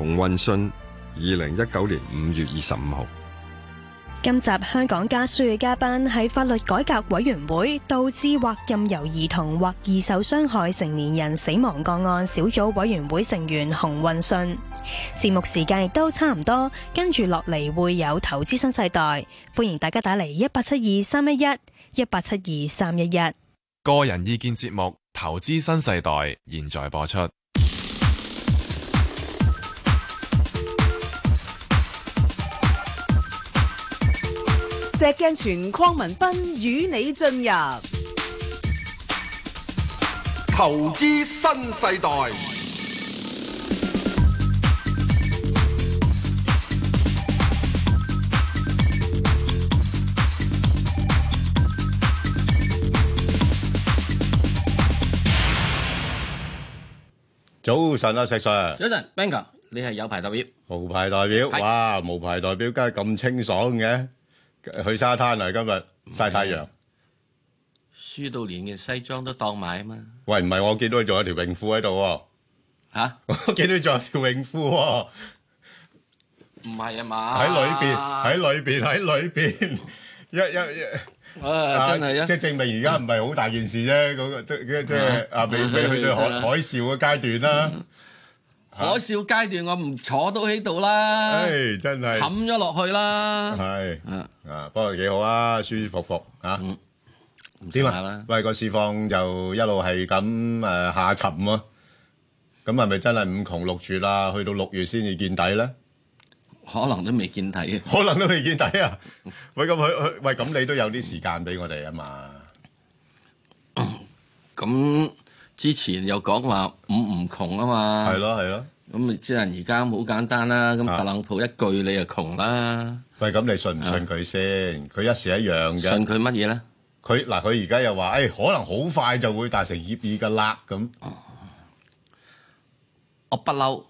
洪運信，二零一九年五月二十五號。今集香港家書嘅嘉賓係法律改革委員會導致或任由兒童或易受傷害成年人死亡個案小組委員會成員洪運信。節目時間亦都差唔多，跟住落嚟會有投資新世代，歡迎大家打嚟一八七二三一一一八七二三一一。個人意見節目《投資新世代》現在播出。石鏡泉鄺民彬，與你進入投資新世代。早晨啊，石 Sir！早晨，Ben 哥，你係有牌代表？無牌代表？哇，無牌代表，梗係咁清爽嘅。去沙灘啊！今日曬太陽，輸到連件西裝都當埋啊嘛！喂，唔係，我見到佢仲有條泳褲喺度喎，吓！我見到仲有條泳褲喎，唔係啊嘛！喺裏邊，喺裏邊，喺裏邊，一一一，啊！真係啊，即係證明而家唔係好大件事啫，嗰個都即係啊，未未去到海海嘯嘅階段啦。可笑階段，我唔坐到喺度啦，真係冚咗落去啦。係，啊，不過幾好啊，舒舒服服啊。點啊？喂，個市況就一路係咁誒下沉喎。咁係咪真係五窮六絕啊？去到六月先至見底咧？可能都未見底，可能都未見底啊！喂，咁佢，喂，咁你都有啲時間俾我哋啊嘛？咁。之前又講話五唔窮啊嘛，係咯，係咯，咁即係而家好簡單啦，咁特朗普一句你就窮啦。喂，咁你信唔信佢先？佢一時一樣嘅。信佢乜嘢咧？佢嗱，佢而家又話，誒、欸、可能好快就會達成協議㗎啦咁。我不嬲，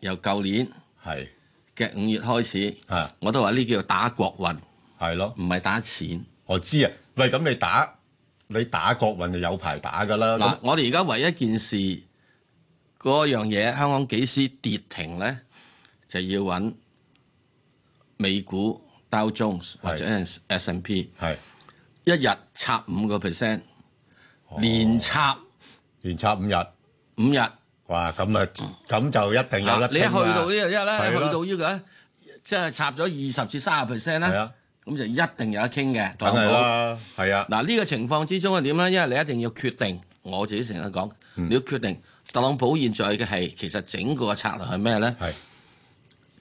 由舊年係嘅五月開始，我都話呢叫打國運，係咯，唔係打錢。我知啊，喂，咁你打？你打國運就有排打㗎啦！嗱，我哋而家唯一一件事，嗰樣嘢香港幾時跌停咧，就要揾美股道瓊斯或者 S&P，一日插五個 percent，連插，連插五日，五日，哇！咁啊，咁就一定有得清啦！你去到呢個一日咧，去到呢個，即係插咗二十至卅 percent 咧。咁就一定有得傾嘅，特朗普係啊。嗱、這、呢個情況之中係點咧？因為你一定要決定，我自己成日講，你要決定。特朗普現在嘅係其實整個策略係咩咧？係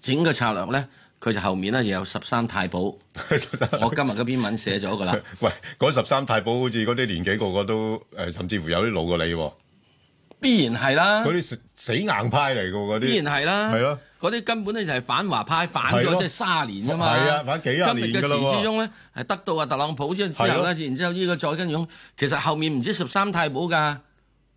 整個策略咧，佢就後面咧又有十三太保。十三，我今日嘅篇文寫咗㗎啦。 喂，嗰十三太保好似嗰啲年紀個個都，甚至乎有啲老過你喎。必然係啦！嗰啲死硬派嚟嘅嗰啲必然係啦，係咯。嗰啲根本咧就係反華派，反咗即係卅年啊嘛。係啊，反幾廿年嘅啦。今日嘅時之中咧，係得到啊特朗普之後咧，然之後呢個再跟住，其實後面唔止十三太保㗎，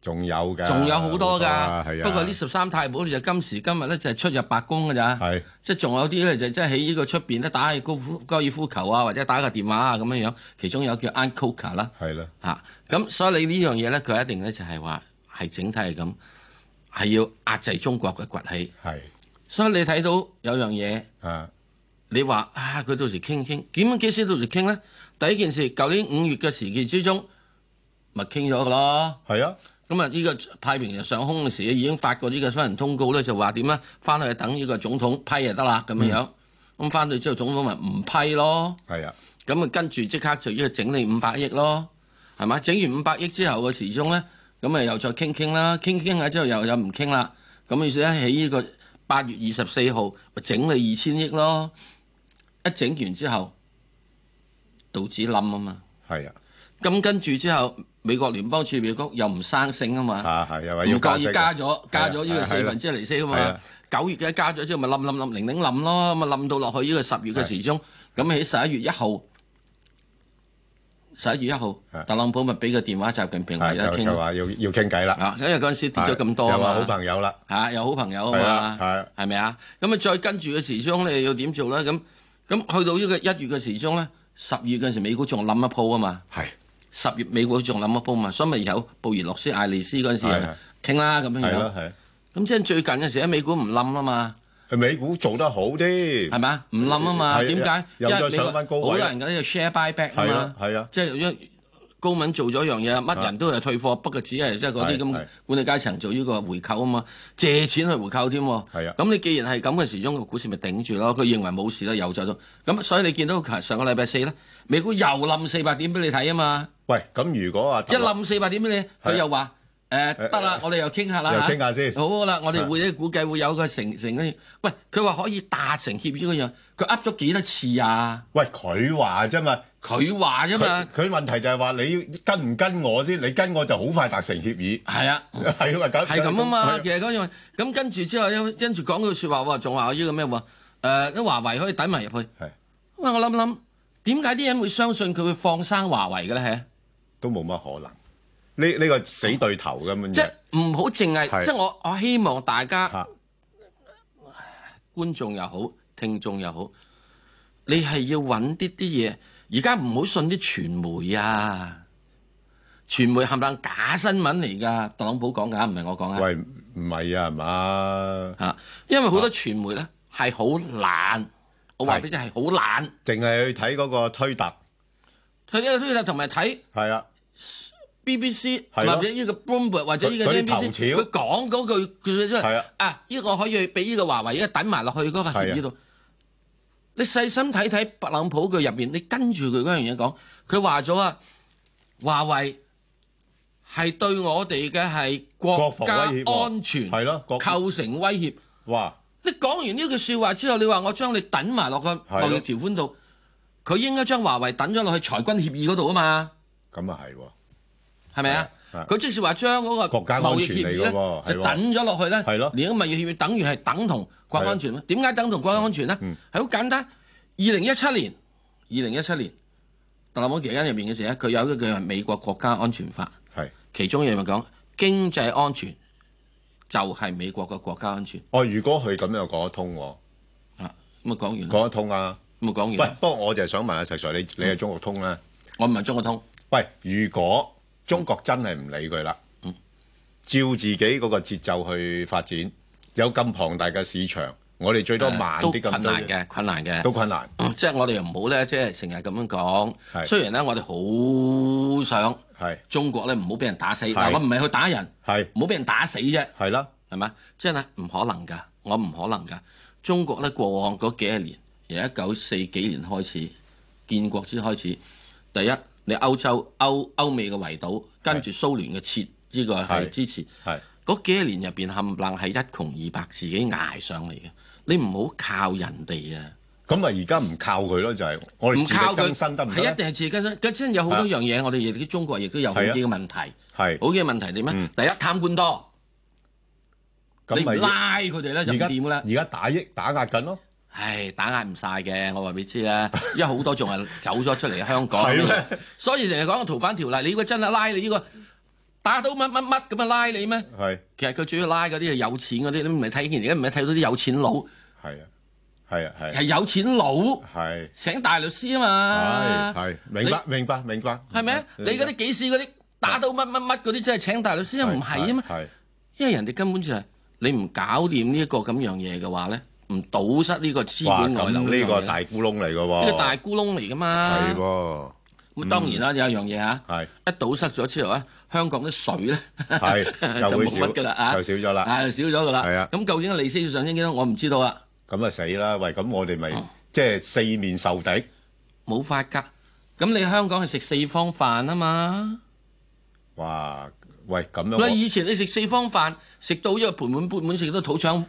仲有㗎，仲有好多㗎、啊。不過呢十三太保就是今時今日咧就係出入白宮㗎咋。係。即係仲有啲咧就即係喺呢個出邊咧打下高高爾夫球啊，或者打下電話啊咁樣樣。其中有叫 Uncoker 啦。係、啊、啦。嚇！咁所以你呢樣嘢咧，佢一定咧就係話。係整體係咁，係要壓制中國嘅崛起。係，所以你睇到有樣嘢，你話啊，佢到時傾唔傾？點樣幾時到時傾咧？第一件事，舊年五月嘅時期之中，咪傾咗㗎咯。係啊，咁啊，呢個派明日上空嘅時候，已經發過呢個新人通告咧，就話點咧？翻去等呢個總統批就得啦，咁樣樣。咁翻去之後，總統咪唔批咯。係啊，咁啊跟住即刻就要整你五百億咯，係嘛？整完五百億之後嘅時鐘咧？咁咪又再傾傾啦，傾傾下之後又又唔傾啦。咁意思咧，喺呢個八月二十四號咪整你二千億咯。一整完之後，導致冧啊嘛。係啊。咁跟住之後，美國聯邦儲備局又唔生性啊嘛。啊又話、啊、要加故意加咗加咗呢個四分之一利息啊嘛。九、啊啊啊、月嘅加咗之後，咪冧冧冧零零冧咯。咁啊冧到落去呢個十月嘅時鐘。咁喺十一月一號。十一月一號，特朗普咪俾個電話習近平，而家傾就話要要傾偈啦。因為嗰陣時跌咗咁多，有話好朋友啦吓，又、啊、好朋友係啊，係啊係嘛，係咪啊？咁咪再跟住嘅時鐘，你又點做咧？咁咁去到呢個一月嘅時鐘咧，十月嗰陣時美股仲冧一鋪啊嘛，係十月美股仲冧一鋪嘛，所以咪有布宜諾斯艾利斯嗰陣時傾啦咁樣。係咯係。咁即係最近嘅時，咧美股唔冧啊嘛。係美股做得好啲，係咪？唔冧啊嘛，點解？因為你翻高好多人嗰啲 share buy back 嘛，係啊，即係高敏做咗一樣嘢，乜人都係退貨，不過只係即係嗰啲咁管理階層做呢個回購啊嘛，借錢去回購添，係啊，咁你既然係咁嘅時鐘，個股市咪頂住咯，佢認為冇事啦，又走咗，咁所以你見到上個禮拜四咧，美股又冧四百點俾你睇啊嘛，喂，咁如果、啊、一冧四百點俾你，佢又話。誒得啦，我哋又傾下啦，又傾下先。好啦，我哋會估計會有個成成嗰樣。喂，佢話可以達成協議嗰樣，佢噏咗幾多次啊？喂，佢話啫嘛，佢話啫嘛。佢問題就係話你跟唔跟我先，你跟我就好快達成協議。係啊，係咁啊嘛。其實嗰樣咁跟住之後，跟住講句説話，仲話要個咩喎？誒、呃，啲華為可以抵埋入去係。喂，我諗諗，點解啲人會相信佢會放生華為嘅咧？都冇乜可能。呢、這、呢個死對頭咁樣、啊、即係唔好淨係即係我我希望大家、啊、觀眾又好，聽眾又好，你係要揾啲啲嘢。而家唔好信啲傳媒啊，傳媒冚唪唥假新聞嚟㗎。特朗普講㗎唔係我講啊，喂唔係啊，係嘛嚇？因為好多傳媒咧係好懶，我話俾你知係好懶，淨係去睇嗰個推特，睇個推特同埋睇係啊。B B C 或者呢個 Bloomberg 或者呢個 N B C，佢頭條講嗰句，佢即係啊，呢、呢個可以俾呢個華為而家等埋落去嗰個協議度。你細心睇睇特朗普佢入邊，你跟住佢嗰樣嘢講，佢話咗啊，華為係對我哋嘅係國家安全係咯、哦、構成威脅。哇！你講完呢句説話之後，你話我將你等埋落去條，貿易條款度，佢應該將華為等咗落去裁軍協議嗰度啊嘛。咁啊係喎。係咪啊？佢即是話將嗰個貿易協議咧，就等咗落去咧。係咯、啊啊，連個貿易協議等於係等同國家安全咩？點解、啊、等同國家安，安全咧？係好、啊嗯、簡單。二零一七年，二零一七年特朗普期間入邊嘅時候，佢有一句叫美國國家安全法，係、啊、其中嘢咪講經濟安全就係美國嘅國家安全。哦，如果佢咁樣講得通喎。啊，咁啊講完。講得通啊！咁啊講完。喂，不過我就係想問阿石 Sir，你你係中國通咧？我唔係中國通。喂，如果？中國真係唔理佢啦，照、嗯、自己嗰個節奏去發展，有咁龐大嘅市場，我哋最多慢啲咁難嘅，困難嘅，都困難。即、嗯、係、就是、我哋又唔好呢，即係成日咁樣講。雖然呢，我哋好想，中國呢唔好俾人打死。但我唔係去打人，係唔好俾人打死啫。係啦，係咪？即係呢，唔可能噶，我唔可能噶。中國呢，過往嗰幾十年，由一九四幾年開始，建國先開始，第一。你歐洲、歐歐美嘅圍堵，跟住蘇聯嘅撤，呢、這個係支持。係嗰幾年入邊冚唪唥係一窮二白，自己捱上嚟嘅。你唔好靠人哋啊！咁咪而家唔靠佢咯，就係、是、我哋唔靠佢，係一定係自己更新。更新有好多樣嘢、啊，我哋亦啲中國亦都有好幾嘅問題。係好幾嘅問題嚟咩、嗯？第一貪官多，你唔拉佢哋咧就點㗎咧？而家打，打壓打壓緊咯。唉，打壓唔晒嘅，我話俾你知啦。因為好多仲係走咗出嚟香港， 所以成日講逃犯條例。你如果真係拉你呢個打到乜乜乜咁啊，拉你咩？其實佢主要拉嗰啲係有錢嗰啲，你唔係睇見而家唔係睇到啲有錢佬。係啊，係啊，係、啊。係有錢佬。係。請大律師啊嘛。係。明白，明白，明白。係咪？你嗰啲幾時嗰啲打到乜乜乜嗰啲，真係請大律師唔係啊嘛？係。因為人哋根本就係你唔搞掂呢一個咁樣嘢嘅話咧。.唔堵塞呢個資本外流呢個大咕窿嚟嘅喎，呢個大咕窿嚟噶嘛。係咁當然啦、嗯，有一樣嘢啊，係一堵塞咗之後咧，香港啲水咧， 就冇乜嘅啦，就少咗啦，啊、少咗噶啦。咁、啊、究竟利息要上升幾多？我唔知道啊。咁啊死啦！喂，咁我哋咪即係四面受敵，冇、哦、法噶。咁你香港係食四方飯啊嘛。哇！喂，咁樣。以前你食四方飯，食到一個盆滿缽滿食到土腸。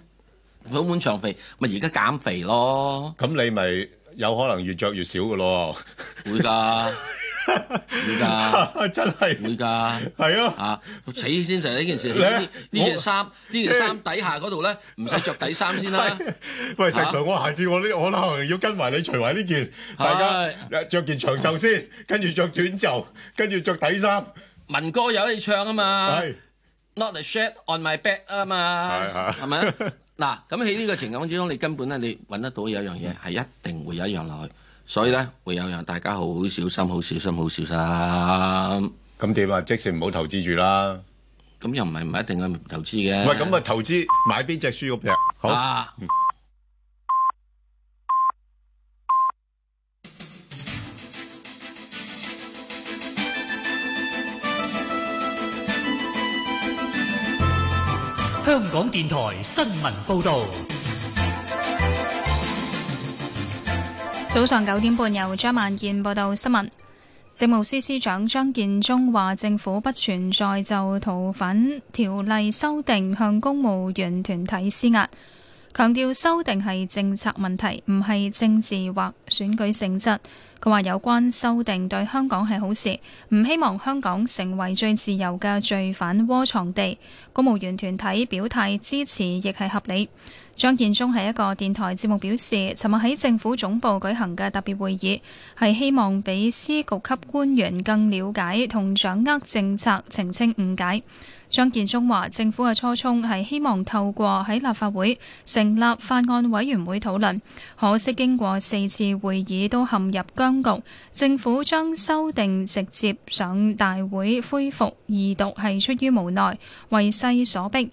好滿腸肥，咪而家減肥咯。咁你咪有可能越著越少嘅咯。會㗎，會㗎，真係會㗎。係咯，嚇，起先就係呢件事。呢件衫，呢件衫底下嗰度咧，唔使著底衫先啦。喂，成才，我下次我啲我啦，要跟埋你除埋呢件，大家著件長袖先，跟住著短袖，跟住著底衫。民哥有你唱啊嘛，Not a shirt on my back 啊嘛，係咪啊？嗱、啊，咁喺呢個情況之中，你根本咧，你揾得到有一樣嘢，係一定會有一樣落去，所以咧會有樣，大家好小心，好小心，好小心。咁點啊？即時唔好投資住啦。咁又唔係唔一定係投資嘅。唔係咁啊，投資買邊隻書屋劈？好。啊香港電台新聞報道，早上九點半由張萬健報道新聞。政務司司長張建宗話，政府不存在就逃犯條例修訂向公務員團體施壓。強調修訂係政策問題，唔係政治或選舉性質。佢話有關修訂對香港係好事，唔希望香港成為最自由嘅罪犯窩藏地。公務員團體表態支持，亦係合理。張建宗係一個電台節目表示，尋日喺政府總部舉行嘅特別會議，係希望畀司局級官員更了解同掌握政策，澄清誤解。張建宗話，政府嘅初衷係希望透過喺立法會成立法案委員會討論，可惜經過四次會議都陷入僵局，政府將修訂直接上大會恢復二讀，係出於無奈，為勢所逼。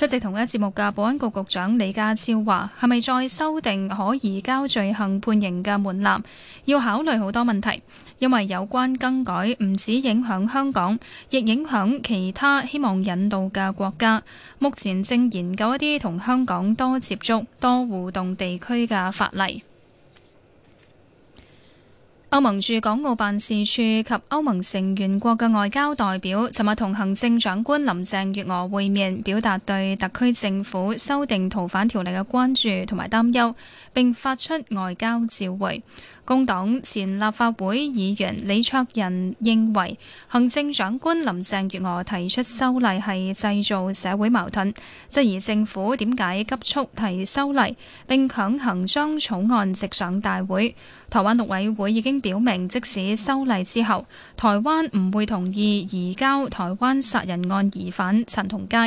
出席同一節目嘅保安局局長李家超話，係咪再修訂可移交罪行判刑嘅門檻？要考慮好多問題，因為有關更改唔止影響香港，亦影響其他希望引渡嘅國家。目前正研究一啲同香港多接觸、多互動地區嘅法例。歐盟駐港澳辦事處及歐盟成員國嘅外交代表尋日同行政長官林鄭月娥會面，表達對特區政府修訂逃犯條例嘅關注同埋擔憂，並發出外交照會。工黨前立法會議員李卓人認為，行政長官林鄭月娥提出修例係製造社會矛盾，質疑政府點解急速提修例並強行將草案直上大會。台灣陸委會已經表明，即使修例之後，台灣唔會同意移交台灣殺人案疑犯陳同佳。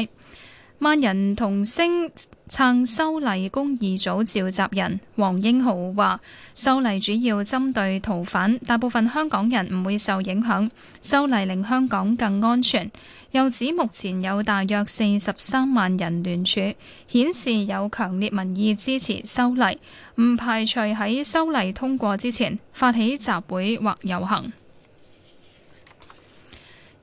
萬人同聲撐修例，公義組召集人黃英豪話，修例主要針對逃犯，大部分香港人唔會受影響。修例令香港更安全。又指目前有大約四十三萬人聯署，顯示有強烈民意支持修例，唔排除喺修例通過之前發起集會或遊行。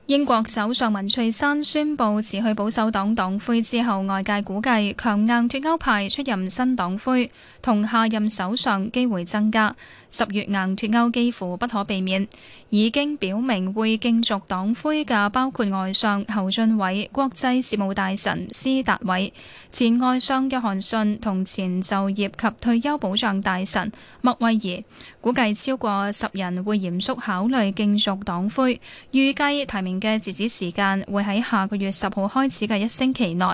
英國首相文翠珊宣布辭去保守黨黨魁之後，外界估計強硬脫歐派出任新黨魁。同下任首相機會增加，十月硬脱歐幾乎不可避免，已經表明會競逐黨魁嘅包括外相侯俊偉、國際事務大臣施達偉、前外相約翰遜同前就業及退休保障大臣麥威儀，估計超過十人會嚴肅考慮競逐黨魁，預計提名嘅截止時間會喺下個月十號開始嘅一星期內。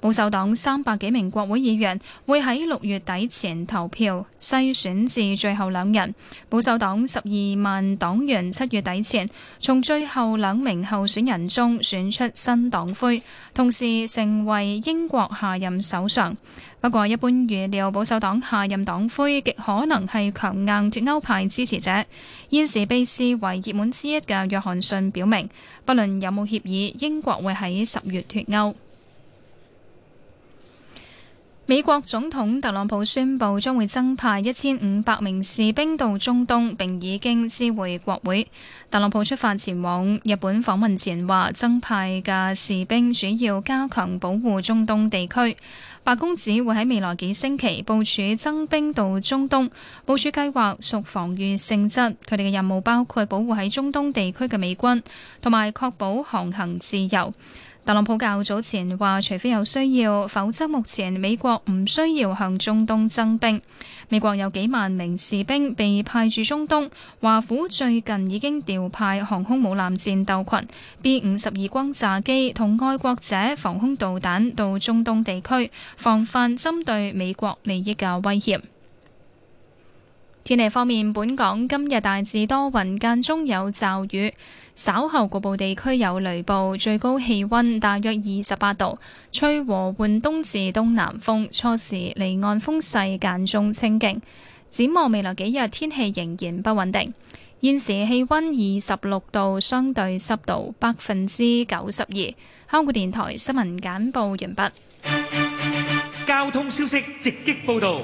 保守黨三百幾名國會議員會喺六月底前投票篩選至最後兩人。保守黨十二萬黨員七月底前從最後兩名候選人中選出新黨魁，同時成為英國下任首相。不過，一般預料保守黨下任黨魁極可能係強硬脱歐派支持者。現時被視為熱門之一嘅約翰遜表明，不論有冇協議，英國會喺十月脱歐。美國總統特朗普宣布將會增派一千五百名士兵到中東，並已經知會國會。特朗普出發前往日本訪問前話，增派嘅士兵主要加強保護中東地區。白宮指會喺未來幾星期部署增兵到中東，部署計劃屬防禦性質。佢哋嘅任務包括保護喺中東地區嘅美軍，同埋確保航行自由。特朗普較早前話，除非有需要，否則目前美國唔需要向中東增兵。美國有幾萬名士兵被派駐中東。華府最近已經調派航空母艦戰鬥群、B 五十二轟炸機同愛國者防空導彈到中東地區，防範針對美國利益嘅威脅。天氣方面，本港今日大致多雲，間中有驟雨，稍後局部地區有雷暴，最高氣温大約二十八度，吹和緩東至東南風，初時離岸風勢間中清勁。展望未來幾日天氣仍然不穩定。現時氣温二十六度，相對濕度百分之九十二。香港電台新聞簡報完畢。交通消息直擊報道。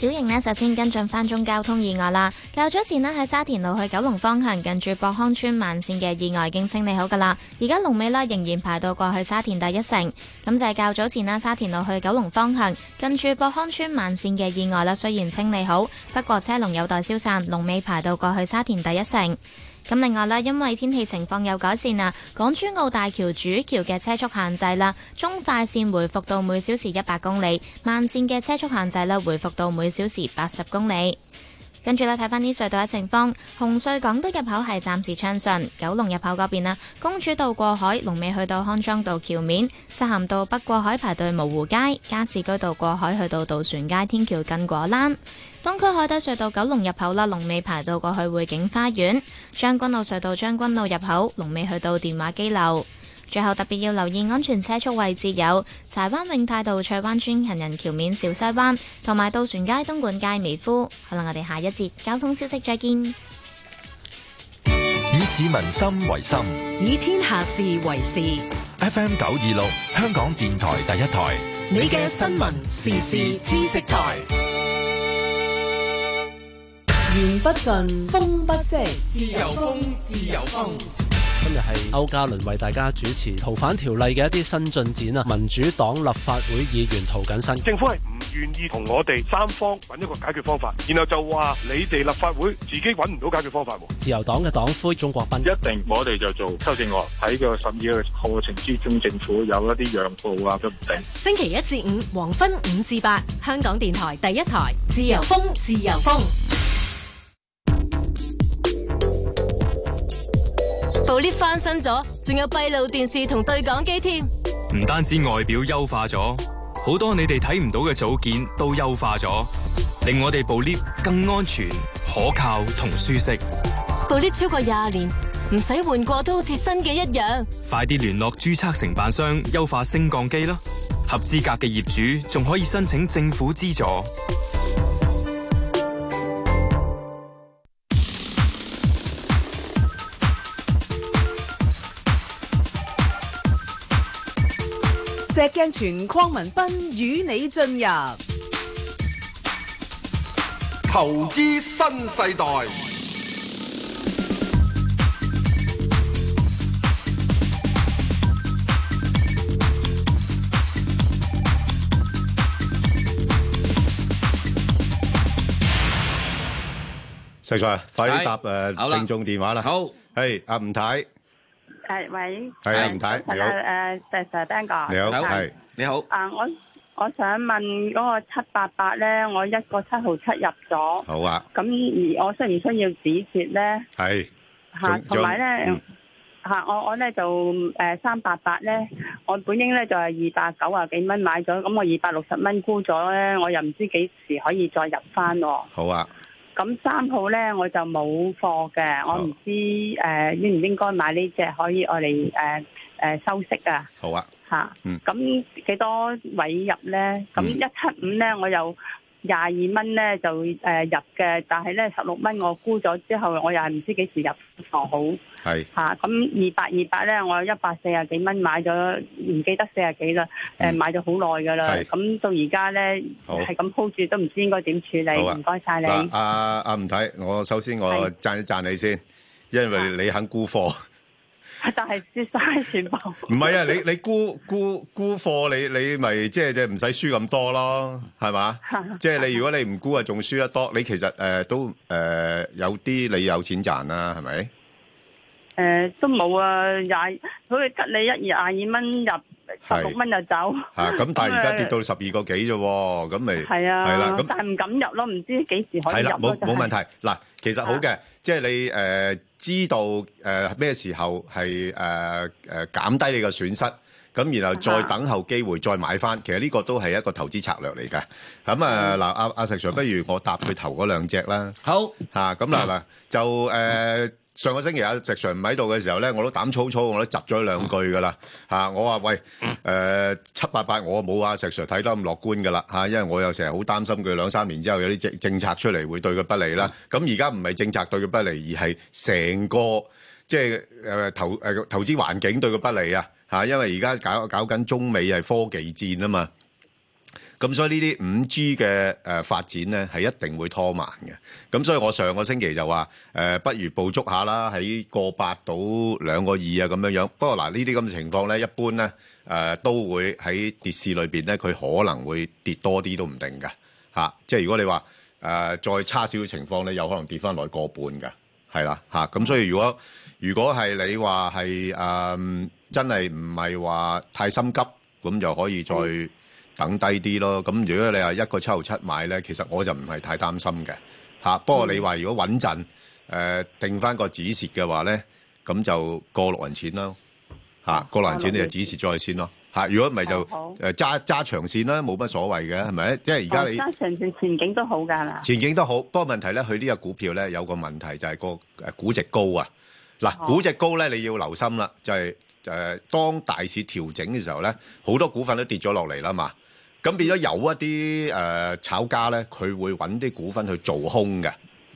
小型呢，首先跟進返宗交通意外啦。較早前呢，喺沙田路去九龍方向近住博康村慢線嘅意外已經清理好㗎喇。而家龍尾呢，仍然排到過去沙田第一城。咁就係較早前啦，沙田路去九龍方向近住博康村慢線嘅意外啦。雖然清理好，不過車龍有待消散，龍尾排到過去沙田第一城。咁另外啦，因為天氣情況有改善啊，港珠澳大橋主橋嘅車速限制啦，中快線回復到每小時一百公里，慢線嘅車速限制咧回復到每小時八十公里。跟住咧，睇翻啲隧道嘅情況，紅隧港島入口係暫時暢順，九龍入口嗰邊啊，公主道過海，龍尾去到康莊道橋面，漆咸道北過海排隊蕪湖街，加士居道過海去到渡船街天橋近果欄。東區海底隧道九龍入口啦，龍尾排到過去匯景花園；將軍澳隧道將軍澳入口，龍尾去到電話機樓。最後特別要留意安全車速位置有柴灣永泰道、翠灣村行人橋面、小西灣，同埋渡船街、東莞街、美孚。好啦，我哋下一節交通消息再見。以市民心為心，以天下事為事。FM 九二六，香港電台第一台，你嘅新聞時事知識台。言不盡，風不息，自由風，自由風。今日係歐家倫為大家主持《逃犯條例》嘅一啲新進展。民主黨立法會議員涂謹申政府係唔願意同我哋三方揾一個解決方法，然後就話你哋立法會自己揾唔到解決方法。自由黨嘅黨魁鍾國斌，一定我哋就做。修正案喺個十二嘅過程之中，政府有一啲讓步啊，都唔定。星期一至五黃昏五至八，香港電台第一台，自由風，自由風。部 lift 翻新咗，仲有閉路電視同對講機添。唔單止外表優化咗，好多你哋睇唔到嘅組件都優化咗，令我哋部 lift 更安全、可靠同舒適。部 lift 超過廿年，唔使換過都好似新嘅一樣。快啲聯絡註冊承辦商，優化升降機啦！合資格嘅業主仲可以申請政府資助。石鏡泉、鄺民彬與你進入投資新世代。石 Sir 快啲答誒聽眾電話啦！好，係阿吳太。係，喂，係吳太，太，你好，誒、呃，誒，謝 Sir 你好，係、呃，你好，啊、呃呃，我我想問嗰、那個七八八咧，我一個七號出入咗，好啊，咁而我需唔需要止蝕咧？係，吓、啊，同埋咧，吓、嗯啊，我我咧就誒、呃、三八八咧，我本應咧就係二百九啊幾蚊買咗，咁我二百六十蚊沽咗咧，我又唔知幾時可以再入翻喎。好啊。咁三號咧我就冇貨嘅，oh. 我唔知誒、呃、應唔應該買呢隻可以我哋誒誒收息啊。好啊，吓、啊、咁、嗯、幾多位入咧？咁一七五咧我又。廿二蚊咧就誒、呃、入嘅，但係咧十六蚊我沽咗之後，我又係唔知幾時入好。係吓咁，二百二百咧，我一百四十幾蚊買咗，唔記得四十幾啦。誒、呃、嗯，買咗、啊、好耐噶啦，咁到而家咧係咁鋪住都唔知應該點處理。唔該晒你。阿阿吳太，我首先我贊一贊你先，因為你肯沽貨。 但係蝕晒全部。唔係啊，你你沽沽沽貨，你你咪即係即係唔使輸咁多咯，係嘛？即係你如果你唔沽啊，仲輸得多。你其實誒都誒有啲你有錢賺啦，係咪？誒，都冇啊廿，好似吉你一二廿二蚊入，十六蚊就走。吓咁，但係而家跌到十二個幾啫，咁咪係啊？係啦，咁但係唔敢入咯，唔知幾時可以入咯真係。係啦，冇冇問題。嗱，其實好嘅。即係你誒知道誒咩時候係誒誒減低你個損失，咁然後再等候機會再買翻，其實呢個都係一個投資策略嚟嘅。咁啊嗱，阿、啊、阿、啊、石 Sir，不如我搭佢頭嗰兩隻啦。好嚇，咁嗱嗱就誒。嗯啊就啊上個星期阿石 Sir 唔喺度嘅時候咧，我都膽粗粗，我都窒咗兩句噶啦嚇，我話喂、呃、七八八我冇阿石 Sir 睇得咁樂觀噶啦嚇，因為我又成日好擔心佢兩三年之後有啲政政策出嚟會對佢不利啦。咁而家唔係政策對佢不利，而係成個即係投誒投資環境對佢不利啊嚇，因為而家搞搞緊中美係科技戰啊嘛。咁所以呢啲五 G 嘅誒發展咧，係一定會拖慢嘅。咁所以我上個星期就話誒、呃，不如捕捉一下啦，喺過百到兩個二啊咁樣樣。不過嗱，呢啲咁嘅情況咧，一般咧誒、呃、都會喺跌市裏邊咧，佢可能會跌多啲都唔定㗎嚇、啊。即係如果你話誒、呃、再差少少情況咧，有可能跌翻來過半嘅，係啦嚇。咁、啊、所以如果如果係你話係誒真係唔係話太心急，咁就可以再，嗯等低啲咯，咁如果你話一個七毫七買咧，其實我就唔係太擔心嘅嚇。不過你話如果穩陣，誒、呃、定翻個止蝕嘅話咧，咁就過六元錢咯嚇、啊，過六元錢你就止蝕再先咯嚇。如果唔係就誒揸揸長線啦，冇乜所謂嘅係咪？即係而家你揸、哦、長線前景都好㗎啦，前景都好。不過問題咧，佢呢個股票咧有個問題就係個估、啊、值高啊。嗱、啊，估值高咧你要留心啦，就係、是、誒、呃、當大市調整嘅時候咧，好多股份都跌咗落嚟啦嘛。咁變咗有一啲誒炒家咧，佢會揾啲股份去做空嘅。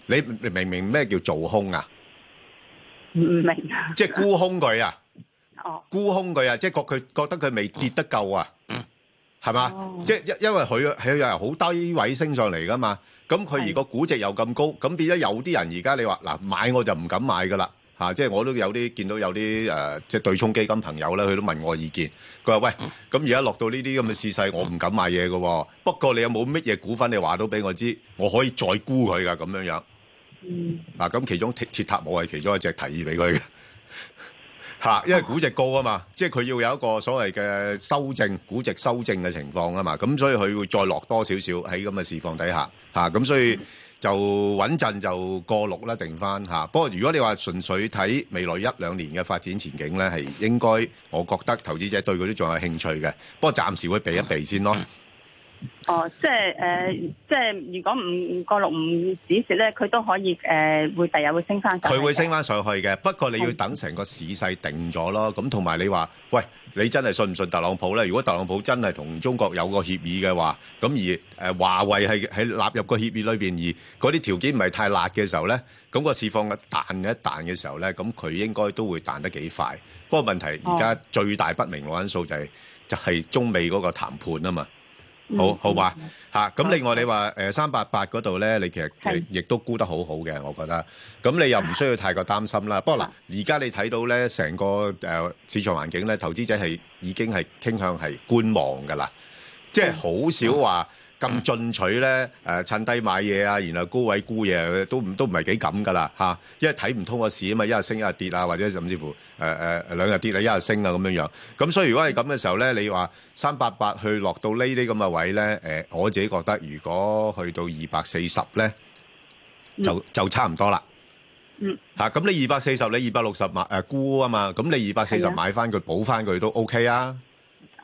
你明唔明咩叫做空啊？唔明啊！即係沽空佢啊！哦，沽空佢啊！即係覺佢覺得佢未跌得夠啊！嗯，係嘛？即係因因為佢佢又係好低位升上嚟噶嘛。咁佢而個估值又咁高，咁變咗有啲人而家你話嗱，買我就唔敢買噶啦。啊！即係我都有啲見到有啲誒，即係對沖基金朋友咧，佢都問我意見。佢話：喂，咁而家落到呢啲咁嘅市勢，我唔敢買嘢嘅。不過你有冇乜嘢股份？你話都俾我知，我可以再沽佢噶咁樣樣。嗱，咁其中鐵塔我係其中一隻提議俾佢嘅。嚇，因為估值高啊嘛，即係佢要有一個所謂嘅修正，估值修正嘅情況啊嘛。咁所以佢會再落多少少喺咁嘅市況底下。嚇，咁所以。就穩陣就過六啦，定翻嚇。不過如果你話純粹睇未來一兩年嘅發展前景呢，係應該，我覺得投資者對嗰啲仲有興趣嘅。不過暫時會避一避先咯。哦，即係誒、呃，即係如果五個六五止蝕咧，佢都可以誒、呃，會第日會升翻。佢會升翻上去嘅，不過你要等成個市勢定咗咯。咁同埋你話喂，你真係信唔信特朗普咧？如果特朗普真係同中國有個協議嘅話，咁而誒華、呃、為係喺納入個協議裏邊，而嗰啲條件唔係太辣嘅時候咧，咁、那個市況一彈一彈嘅時候咧，咁佢應該都會彈得幾快。不過問題而家最大不明嘅因素就係、是嗯、就係、是、中美嗰個談判啊嘛。好好吧咁、嗯嗯啊、另外你話誒三八八嗰度咧，你其實亦都沽得好好嘅，我覺得。咁你又唔需要太過擔心啦。嗯、不過嗱，而家你睇到咧，成個誒、呃、市場環境咧，投資者係已經係傾向係觀望㗎啦，即係好少話嗯嗯咁進取咧，誒、呃、趁低買嘢啊，然後高位沽嘢，都唔都唔係幾咁噶啦嚇，因為睇唔通個市啊嘛，一日升一日跌啊，或者甚至乎誒誒兩日跌啊，一日升啊咁樣樣。咁所以如果係咁嘅時候咧，你話三八八去落到位呢啲咁嘅位咧，誒、呃、我自己覺得如果去到二百四十咧，就就差唔多啦。嗯。嚇、啊，咁你二百四十，你二百六十買誒沽啊嘛，咁、呃、你二百四十買翻佢補翻佢都 OK 啊。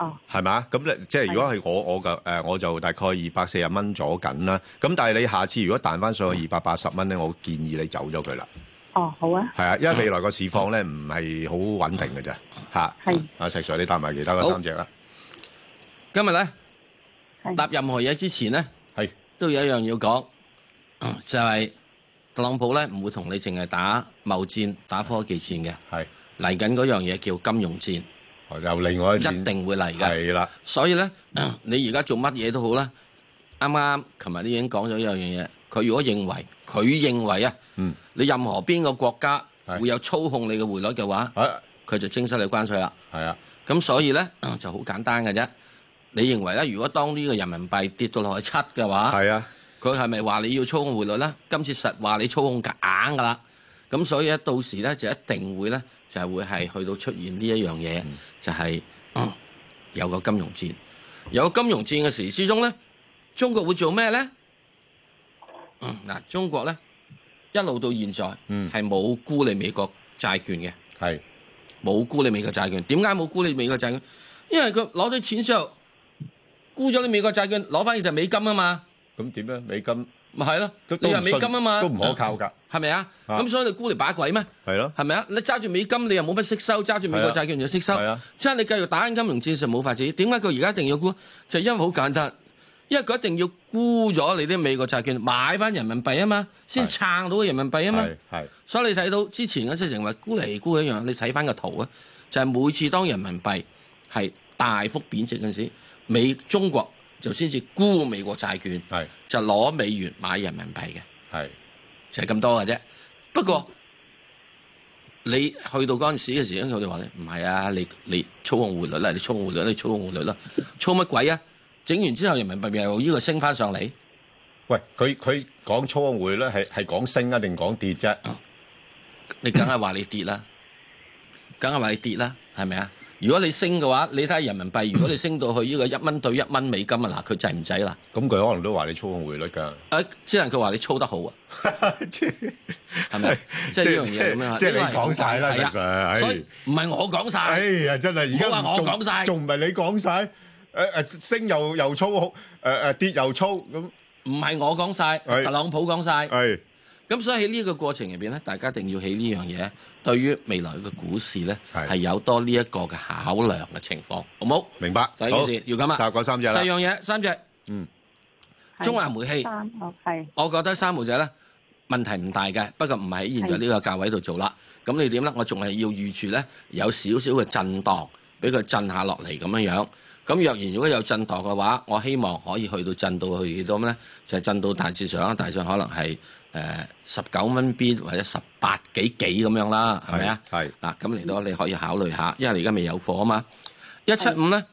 哦，係嘛？咁咧，即係如果係我是我嘅，誒，我就大概二百四十蚊左近啦。咁但係你下次如果彈翻上去二百八十蚊咧，我建議你走咗佢啦。哦，好啊。係啊，因為未來個市況咧唔係好穩定嘅啫，吓。係。阿、啊、石 Sir，你答埋其他嗰三隻啦。今日咧，答任何嘢之前咧，係都有一樣要講，就係特朗普咧唔會同你淨係打貿易戰、打科技戰嘅，係嚟緊嗰樣嘢叫金融戰。由另外一，一定會嚟噶，係啦。所以咧，你而家做乜嘢都好啦。啱啱琴日你已經講咗一樣嘢，佢如果認為佢認為啊，嗯，你任何邊個國家會有操控你嘅匯率嘅話，佢就徵收你的關稅啦。係啊，咁所以咧就好簡單嘅啫。你認為咧，如果當呢個人民幣跌到落去七嘅話，係啊，佢係咪話你要操控匯率咧？今次實話你操控硬噶啦。咁所以咧，到時咧就一定會咧。就係會係去到出現呢一樣嘢，就係、是嗯、有個金融戰，有個金融戰嘅時之中呢，中國會做咩呢？嗱、嗯，中國呢一路到現在係冇、嗯、沽你美國債券嘅，係冇沽你美國債券。點解冇沽你美國債券？因為佢攞咗錢之後沽咗你美國債券，攞翻嚟就美金啊嘛。咁點樣？美金？咪係咯，你係美金啊嘛，都唔可靠噶，係咪啊？咁、啊、所以你沽嚟把鬼咩？係咯、啊，係咪啊？你揸住美金，你又冇乜息收，揸住美國債券又息收，即係、啊啊、你繼續打緊金融戰術冇法子。點解佢而家一定要沽？就是、因為好簡單，因為佢一定要沽咗你啲美國債券，買翻人民幣啊嘛，先撐到個人民幣啊嘛。係，所以你睇到之前嗰啲成日沽嚟沽一樣，你睇翻個圖啊，就係、是、每次當人民幣係大幅貶值嗰時，美中國。就先至沽美國債券，就攞美元買人民幣嘅，就係、是、咁多嘅啫。不過你去到嗰陣時嘅時候，我就話你，唔係啊，你你操控匯率啦，你操控匯率，你操控匯率啦，操乜鬼啊？整完之後人民幣咪又依個升翻上嚟。喂，佢佢講操控匯率係係講升啊定講跌啫、啊哦？你梗係話你跌啦，梗係話你跌啦，係咪啊？如果你升嘅話，你睇下人民幣，如果你升到去呢個一蚊兌一蚊美金啊，嗱，佢制唔制啦？咁佢可能都話你操控匯率㗎。啊，只能佢話你操得好啊？係咪？即係呢樣嘢咁樣啊？即係你講曬啦，其實。所以唔係我講曬。哎呀，真係！而家我講曬，仲唔係你講曬？誒誒，升又又操，誒誒，跌又操，咁。唔係我講曬，特朗普講曬。係。咁所以喺呢一個過程入邊咧，大家一定要起呢樣嘢。對於未來嘅股市咧，係有多呢一個嘅考量嘅情況，好冇好？明白，好，要咁啊！第二個三隻啦，第二樣嘢三隻，嗯，中華煤氣，三，好，我覺得三毛隻咧問題唔大嘅，不過唔係喺現在呢個價位度做啦。咁你點咧？我仲係要預住咧有少少嘅震盪，俾佢震下落嚟咁樣樣。咁若然如果有震盪嘅話，我希望可以去到震到去幾多咧？就係、震到大致上啊！大致上可能係。誒十九蚊 B 或者十八幾幾咁樣啦，係咪啊？係嗱，咁嚟到你可以考慮下，因為你而家未有貨啊嘛。一七五咧，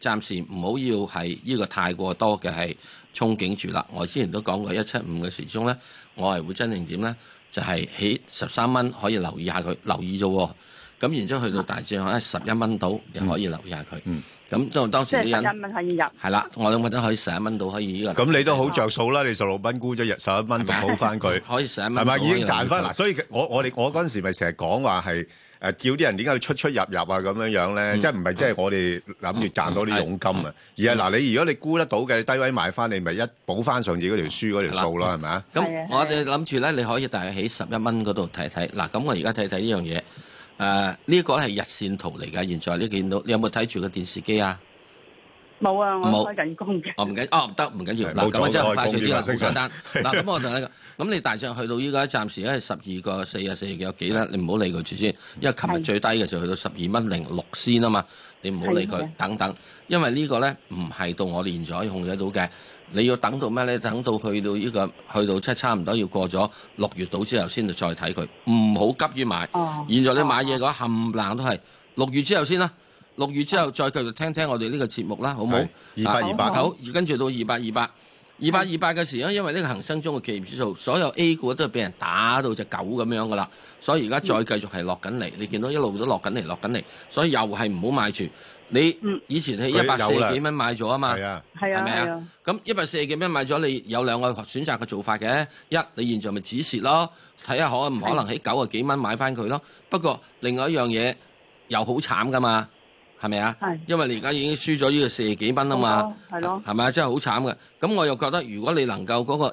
暫時唔好要係呢個太過多嘅係憧憬住啦。我之前都講過一七五嘅時鐘咧，我係會真正點咧，就係、是、起十三蚊可以留意下佢，留意咗喎、啊。咁然之後去到大約，咧十一蚊到又可以留意下佢。咁即係當時啲人十一蚊可以入係啦。我諗覺得可以十一蚊到可以個。咁你都好着數啦。你十六蚊沽咗入十一蚊，咁補翻佢，可以十一蚊，係咪已經賺翻啦？所以我，我我哋我嗰陣時咪成日講話係誒，叫啲人點解要出出入入啊咁樣樣咧？即係唔係即係我哋諗住賺多啲佣金啊、嗯？而係嗱，你、嗯、如果你沽得到嘅低位買翻，你咪一補翻上自己條書嗰條數咯，係咪啊？咁我哋諗住咧，你可以大約喺十一蚊嗰度睇睇。嗱，咁、啊、我而家睇睇呢樣嘢。誒、啊、呢、這個係日線圖嚟噶，現在你見到，你有冇睇住個電視機啊？冇啊，我開緊工嘅。沒 哦唔緊，哦唔得唔緊要，嗱咁、啊真係快住啲啦，好簡單。嗱咁我就呢講，咁 你大上去到依、這、家、個，暫時咧係十二個四啊四嘅有幾啦？你唔好理佢住先，因為琴日最低嘅就去到十二蚊零六仙啊嘛。你唔好理佢等等，因為個呢個咧唔係到我現在可以控制到嘅。你要等到咩呢？等到去到呢個，去到差差唔多要過咗六月度之後，先至再睇佢，唔好急於買。哦、啊！現在你買嘢嘅話，冚、啊、冷都係六月之後先啦。六月之後再繼續聽聽我哋呢個節目啦，好唔好？二八二八，好，跟住到二八二八，二八二八嘅時咧，因為呢個恒生中國企業指數，所有 A 股都係俾人打到隻狗咁樣㗎啦。所以而家再繼續係落緊嚟，你見到一路都落緊嚟，落緊嚟，所以又係唔好買住。你以前係一百四十幾蚊買咗啊嘛，係、嗯、啊，係啊，係啊。咁一百四十幾蚊買咗，你有兩個選擇嘅做法嘅。一，你現在咪止蝕咯，睇下可唔可能喺九十幾蚊買翻佢咯。不過另外一樣嘢又好慘噶嘛，係咪啊？係。因為你而家已經輸咗呢個四十幾蚊啊嘛，係咯。係咪啊？真係好慘嘅。咁我又覺得，如果你能夠嗰個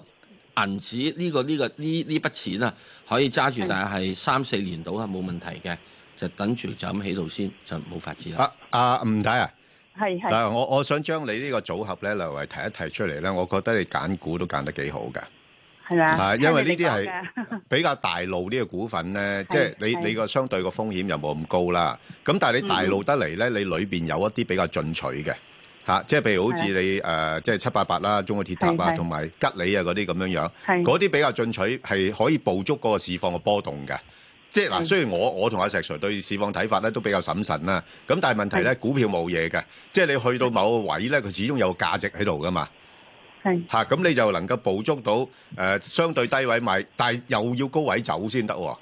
銀紙呢、呢個呢、呢個呢呢筆錢啊，可以揸住，但係三四年到係冇問題嘅。就等住就咁起度先，就冇法子啦。阿阿吳太啊，係係，嗱，我我想將你呢個組合咧，嚟為提一提出嚟咧。我覺得你揀股都揀得幾好噶，係啊，因為呢啲係比較大路呢個股份咧，即係、就是、你你個相對個風險又冇咁高啦。咁但係你大路得嚟咧、嗯，你裏邊有一啲比較進取嘅嚇，即係譬如好似你誒即係七八八啦、啊、中國鐵塔啊，同埋吉利啊嗰啲咁樣樣，嗰啲比較進取，係可以捕捉嗰個市況嘅波動嘅。即係嗱、啊，雖然我我同阿石 Sir 對市況睇法咧都比較審慎啦，咁但係問題咧，股票冇嘢嘅，即係你去到某個位咧，佢始終有價值喺度噶嘛。咁、啊、你就能夠捕捉到誒、呃、相對低位買，但又要高位走先得，咁、啊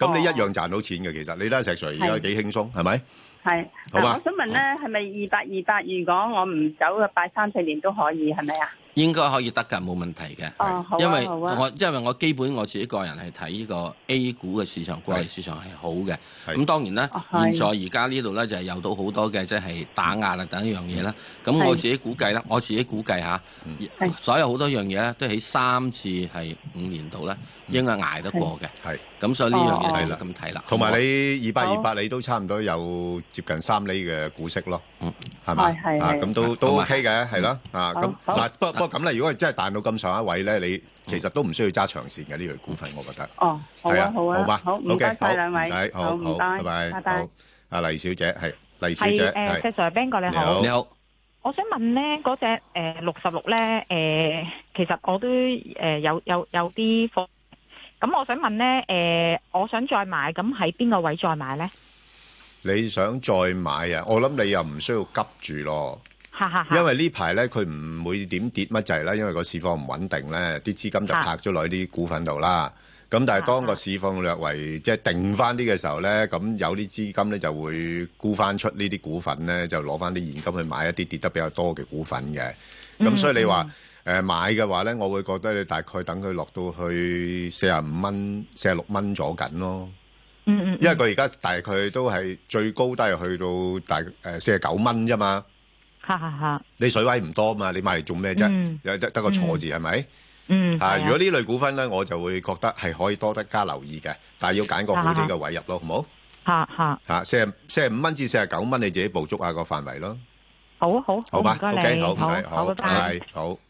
哦、你一樣賺到錢嘅其實。你睇下石 Sir 而家幾輕鬆係咪？係。嗱、啊，我想問咧，係咪二百、二百？如果我唔走嘅擺三四年都可以係咪啊？應該可以得㗎，冇問題嘅、啊啊。因為我因為我基本我自己個人係睇呢個 A 股嘅市場、國內市場係好嘅。咁當然啦，現在而家呢度呢，就係有到好多嘅即係打壓啊等一樣嘢啦。咁我自己估計啦，我自己估計吓、啊，所有好多樣嘢呢，都喺三次係五年度呢，應該捱得過嘅。咁所以呢樣嘢係啦，咁睇啦。同埋你二百二百，你都差唔多有接近三厘嘅股息咯，係咪？啊，咁都都 OK 嘅，係咯。啊，咁嗱，不過不過咁咧，如果真係彈到咁上一位咧，你其實都唔需要揸長線嘅呢類股份，我覺得。哦，好啊，好啊，好。好唔該曬兩位，好唔該，拜拜。好，阿黎小姐係黎小姐係。誒，石 Sir、Ben 哥你好，你好。我想問咧，嗰隻誒六十六咧，誒其實我都誒有有有啲貨。咁我想問呢，誒，我想再買，咁喺邊個位再買呢？你想再買啊？我諗你又唔需要急住咯，因為呢排呢佢唔會點跌乜滯啦，因為個市況唔穩定呢，啲資金就拍咗落啲股份度啦。咁但係當個市況略為即係定翻啲嘅時候呢，咁有啲資金呢就會沽翻出呢啲股份呢，就攞翻啲現金去買一啲跌得比較多嘅股份嘅。咁所以你話。誒，買嘅話咧，我會覺得你大概等佢落到去四十五蚊、四十六蚊左近咯。嗯嗯，因為佢而家大概都係最高都係去到大誒四十九蚊啫嘛。吓吓吓！你水位唔多嘛？你買嚟做咩啫？有得得個錯字係咪？嗯。吓，如果呢類股份咧，我就會覺得係可以多得加留意嘅，但係要揀個好啲嘅位入咯，好唔好？吓吓吓！四十四十五蚊至四十九蚊，你自己捕捉下個範圍咯。好啊，好。好嘛，OK，好唔使，好拜拜，好。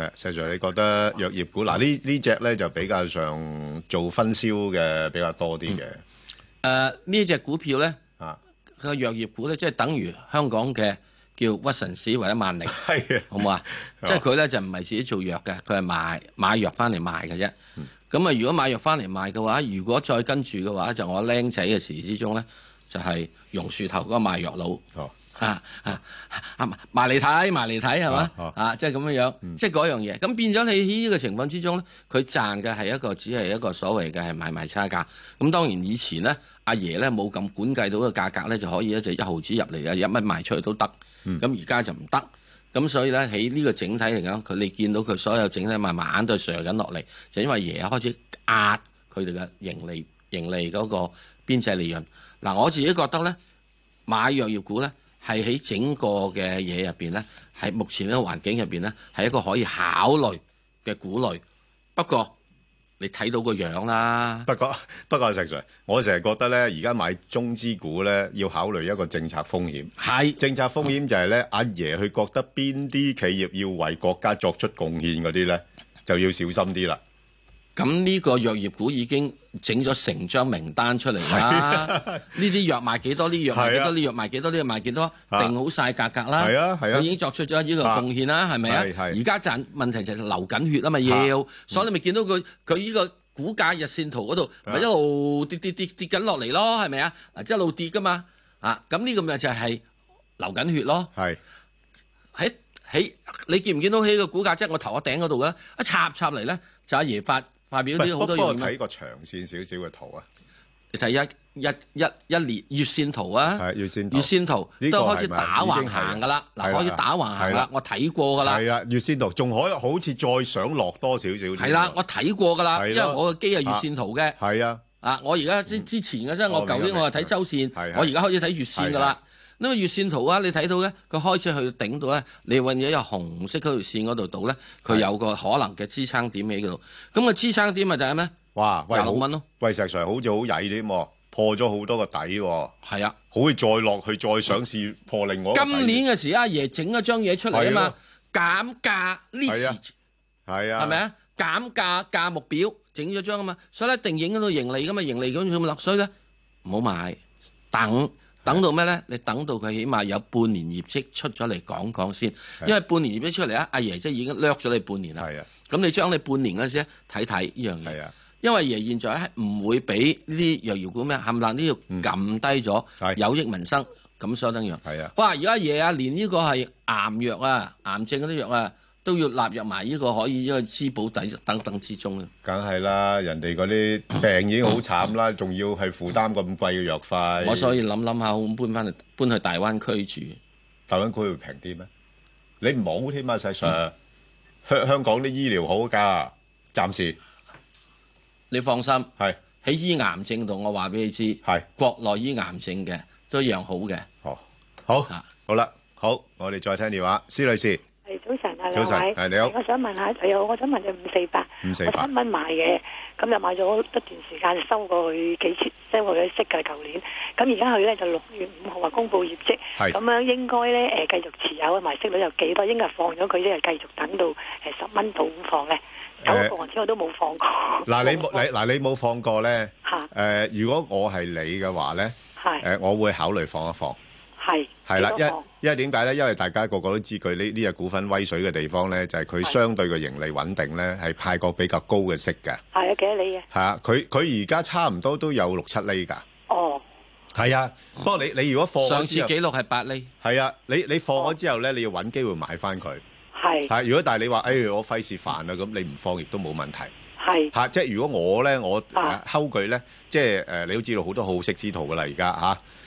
誒，石 Sir，你覺得藥業股嗱、啊、呢呢隻咧就比較上做分銷嘅比較多啲嘅。誒、嗯，呢、呃、隻股票咧，啊，個藥業股咧，即、就、係、是、等於香港嘅叫屈臣氏或者萬寧，係好唔好啊？ 即係佢咧就唔係自己做藥嘅，佢係買買藥翻嚟賣嘅啫。咁、嗯、啊，如果買藥翻嚟賣嘅話，如果再跟住嘅話，就我僆仔嘅時之中咧，就係、是、榕樹頭嗰個賣藥佬。哦。啊啊啊！埋嚟睇，埋嚟睇，係嘛啊？即係咁樣樣，嗯、即係嗰樣嘢咁變咗。你喺呢個情況之中咧，佢賺嘅係一個只係一個所謂嘅係賣賣差價咁。當然以前咧，阿爺咧冇咁管計到個價格咧，就可以一隻一毫子入嚟啊，一蚊賣出嚟都得。咁而家就唔得咁，所以咧喺呢個整體嚟講，佢你見到佢所有整體慢慢都係上緊落嚟，就因為爺開始壓佢哋嘅盈利盈利嗰個邊際利潤嗱、啊。我自己覺得咧，買藥業股咧。係喺整個嘅嘢入邊呢，喺目前嘅環境入邊呢，係一個可以考慮嘅股類。不過你睇到個樣啦。不過不過石 Sir，我成日覺得呢，而家買中資股呢，要考慮一個政策風險。係政策風險就係、是、呢，阿爺佢覺得邊啲企業要為國家作出貢獻嗰啲呢，就要小心啲啦。咁呢個藥業股已經整咗成張名單出嚟啦，呢啲藥賣幾多？呢藥賣幾多？呢藥賣幾多？呢藥賣幾多？定好曬價格啦，佢已經作出咗呢個貢獻啦，係咪啊？而家賺問題就係流緊血啊嘛要，所以你咪見到佢佢呢個股價日線圖嗰度咪一路跌跌跌跌緊落嚟咯，係咪啊？即係一路跌㗎嘛，啊咁呢個咪就係流緊血咯。係喺喺你見唔見到喺個股價即係我頭阿頂嗰度嘅一插插嚟咧，就阿葉發。代表啲好多嘢睇個長線少少嘅圖啊，其實一一一一年月線圖啊，月線圖都開始打橫行噶啦。嗱開始打橫行啦，我睇過噶啦，月線圖仲可好似再上落多少少啲。係啦，我睇過噶啦，因為我嘅機係月線圖嘅。係啊，啊我而家之前嘅啫，我舊年我係睇周線，我而家開始睇月線噶啦。呢個月線圖啊，你睇到咧，佢開始去頂到咧，你揾嘢喺紅色嗰條線嗰度倒咧，佢有個可能嘅支撐點喺度。咁個支撐點咪就係咩？哇，六蚊咯！喂，石 Sir，好似好曳啲喎，破咗好多個底喎。係啊，好易再落去再上試破另外。今年嘅時，阿爺整咗張嘢出嚟啊嘛，減價呢啲係啊，係咪啊？減價價目表整咗張啊嘛，所以一定影到盈利噶嘛，盈利咁佢咪落水咧。唔好買，等。是等到咩咧？你等到佢起碼有半年業績出咗嚟講講先，是的 因為半年業績出嚟啊，阿爺即係已經掠咗你半年啦。係啊，咁你將你半年嗰陣時睇睇呢樣嘢。係啊，是的 因為爺，爺現在咧唔會俾呢啲藥業股咩，冚唪唥，呢度撳低咗，有益民生咁相當於。係啊是的，< 是的 S 2> 哇！而家爺啊，連呢個係癌藥啊，癌症嗰啲藥啊。都要納入埋呢個可以一個支保底等等之中啊！梗係啦，人哋嗰啲病已經好慘啦，仲要係負擔咁貴嘅藥費。我所以諗諗下，我搬翻去搬去大灣區住。大灣區會平啲咩？你唔好添啊！石 Sir 香，嗯，香港啲醫療好㗎，暫時你放心。係喺醫癌症度，我話俾你知，係國內醫癌症嘅都一樣好嘅。哦，好啊，好啦，好，我哋再聽電話，施女士。早晨，係你好。我想問下，你好，我想問你五四八，五四八蚊買嘅，咁就買咗一段時間，收過去幾千，即係我嘅息嘅舊年。咁而家佢咧就六月五號話公布業績，咁樣應該咧誒繼續持有嘅，埋息率又幾多？應該放咗佢，即係繼續等到誒十蚊到五放嘅。九個我始終都冇放過。嗱，你冇你嗱，你冇放過咧。吓，誒，如果我係你嘅話咧，係，誒，我會考慮放一放。係係啦，一因為點解咧？因為大家個個都知佢呢呢隻股份威水嘅地方咧，就係、是、佢相對嘅盈利穩定咧，係派個比較高嘅息噶。係啊，幾多厘嘅？係啊，佢佢而家差唔多都有六七厘噶。哦，係啊，不、嗯、過你你如果放咗之後，上次記錄係八厘。係啊，你你放咗之後咧，你要揾機會買翻佢。係、哦。吓，如果但係你話，哎，我費事煩啊，咁、嗯、你唔放亦都冇問題。係嚇，即係如果我咧，我睺佢咧，即係誒，你都知道好多好息之徒噶啦，而家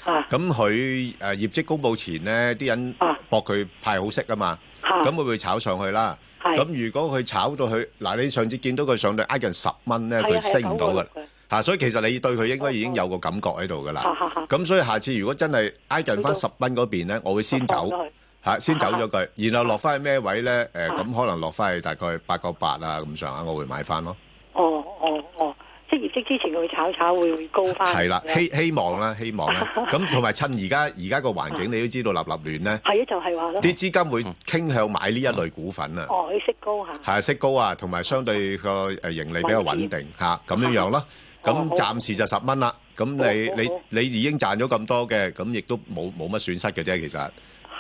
嚇，咁佢誒業績公佈前咧，啲人搏佢派好息啊嘛，咁會唔會炒上去啦？咁如果佢炒到佢嗱，你上次見到佢上到挨近十蚊咧，佢升唔到噶，嚇，所以其實你對佢應該已經有個感覺喺度噶啦，咁所以下次如果真係挨近翻十蚊嗰邊咧，我會先走。嚇，先走咗佢，然後落翻去咩位咧？誒，咁可能落翻去大概八個八啊，咁上下，我會買翻咯。哦，哦，哦，即係業績之前，佢會炒炒會高翻。係啦，希希望啦，希望啦。咁同埋趁而家而家個環境，你都知道立立亂咧。係啊，就係話咯。啲資金會傾向買呢一類股份啊。哦，你息高啊。係啊，息高啊，同埋相對個誒盈利比較穩定嚇，咁樣樣咯。咁暫時就十蚊啦。咁你你你已經賺咗咁多嘅，咁亦都冇冇乜損失嘅啫，其實。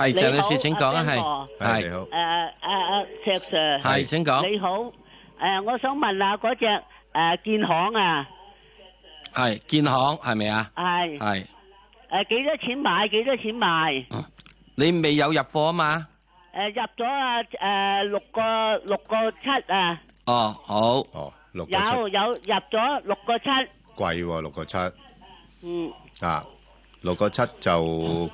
係鄭女士，請講啊，係係，誒誒誒，石 Sir，係，請講。你好，誒，我想問下嗰隻誒建行啊，係建行係咪啊？係係誒，幾多錢買？幾多錢賣？你未有入貨啊嘛？誒，入咗啊，誒，六個六個七啊。哦，好，哦，六個七。有有入咗六個七。貴喎六個七。嗯。啊。六個七就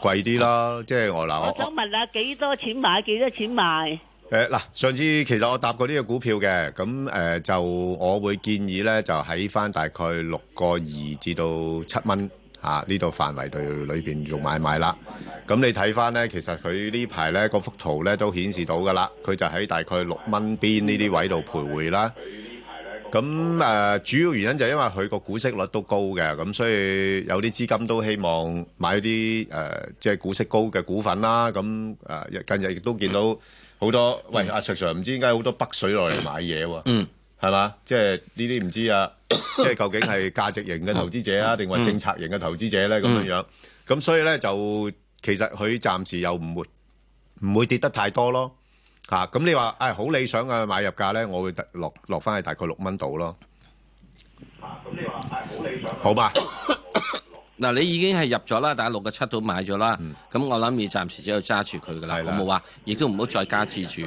貴啲啦，即係我嗱，我想問下幾多錢買，幾多錢賣？嗱，上次其實我搭過呢個股票嘅，咁誒就我會建議咧，就喺翻大概六個二至到七蚊呢度範圍度裏面做買賣啦。咁你睇翻咧，其實佢呢排咧個幅圖咧都顯示到噶啦，佢就喺大概六蚊邊呢啲位度徘徊啦。咁誒主要原因就係因為佢個股息率都高嘅，咁所以有啲資金都希望買啲誒即係股息高嘅股份啦。咁誒近日亦都見到好多，喂，阿 Sir Sir 唔知點解好多北水落嚟買嘢喎？嗯，係嘛？即係呢啲唔知啊，即係究竟係價值型嘅投資者啊，定話政策型嘅投資者咧咁樣樣？咁所以咧就其實佢暫時又唔會唔會跌得太多咯。吓、啊，咁你話誒好理想嘅買入價咧，我會落落翻去大概六蚊度咯。咁你話誒好理想。好吧，嗱，你已經係入咗啦，但係六個七度買咗啦，咁、嗯、我諗你暫時只有揸住佢噶啦，我冇話，亦都唔好再加注住。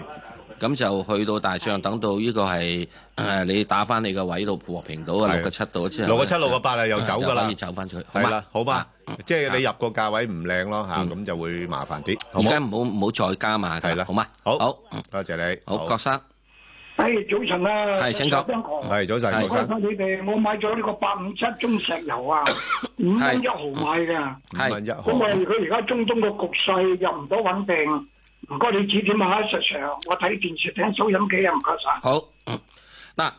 咁就去到大仗，等到呢個係誒你打翻你個位度破平到啊六個七度之後，六個七六個八啊又走㗎啦，就反而走翻出去，係啦，好吧，即係你入個價位唔靚咯嚇，咁就會麻煩啲，而家唔好唔好再加嘛，係啦，好嘛，好好，多謝你，好郭生，誒早晨啊，請講，係早晨，郭生，你哋我買咗呢個八五七中石油啊，五蚊一毫買嘅，五蚊一毫，咁啊如果而家中東個局勢入唔到穩定。唔該，你指點下實場，我睇電視睇收音機，又唔該晒，好嗱，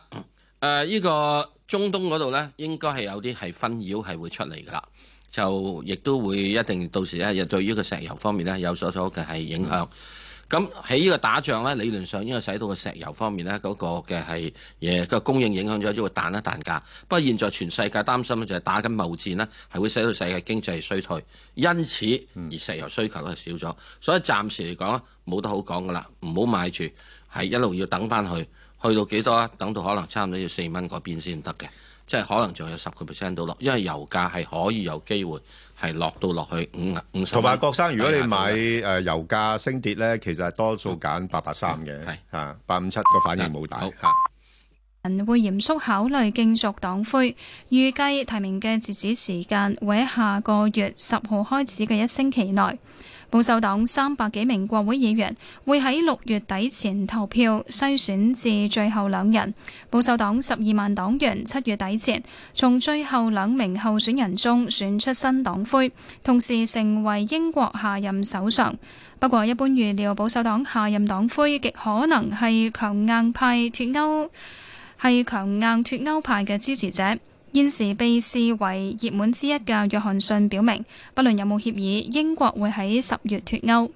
誒依、呃這個中東嗰度咧，應該係有啲係紛擾係會出嚟噶，就亦都會一定到時咧，又對於個石油方面咧有所所嘅係影響。嗯咁喺呢個打仗呢，理論上應該使到個石油方面呢，嗰、嗰個嘅係嘢個供應影響咗呢個彈一彈價。不過現在全世界擔心呢就係打緊貿戰呢係會使到世界經濟衰退，因此而石油需求都係少咗。所以暫時嚟講冇得好講噶啦，唔好買住，係一路要等翻去，去到幾多啊？等到可能差唔多要四蚊嗰邊先得嘅，即、就、係、是、可能仲有十個 percent 到咯。因為油價係可以有機會。，係落到落去五，同埋郭生，如果你買誒油價升跌咧，其實係多數揀八八三嘅，係啊，八五七個反應冇大嚇。人會嚴肅考慮競逐黨魁，預計提名嘅截止時間會喺下個月十號開始嘅一星期內。保守黨三百幾名國會議員會喺六月底前投票篩選至最後兩人，保守黨十二萬黨員，七月底前從最後兩名候選人中選出新黨魁，同時成為英國下任首相。不過，一般預料保守黨下任黨魁極可能係強硬派脱歐、係強硬脱歐派嘅支持者。現時被視為熱門之一嘅約翰遜表明，不論有冇協議，英國會喺十月脱歐。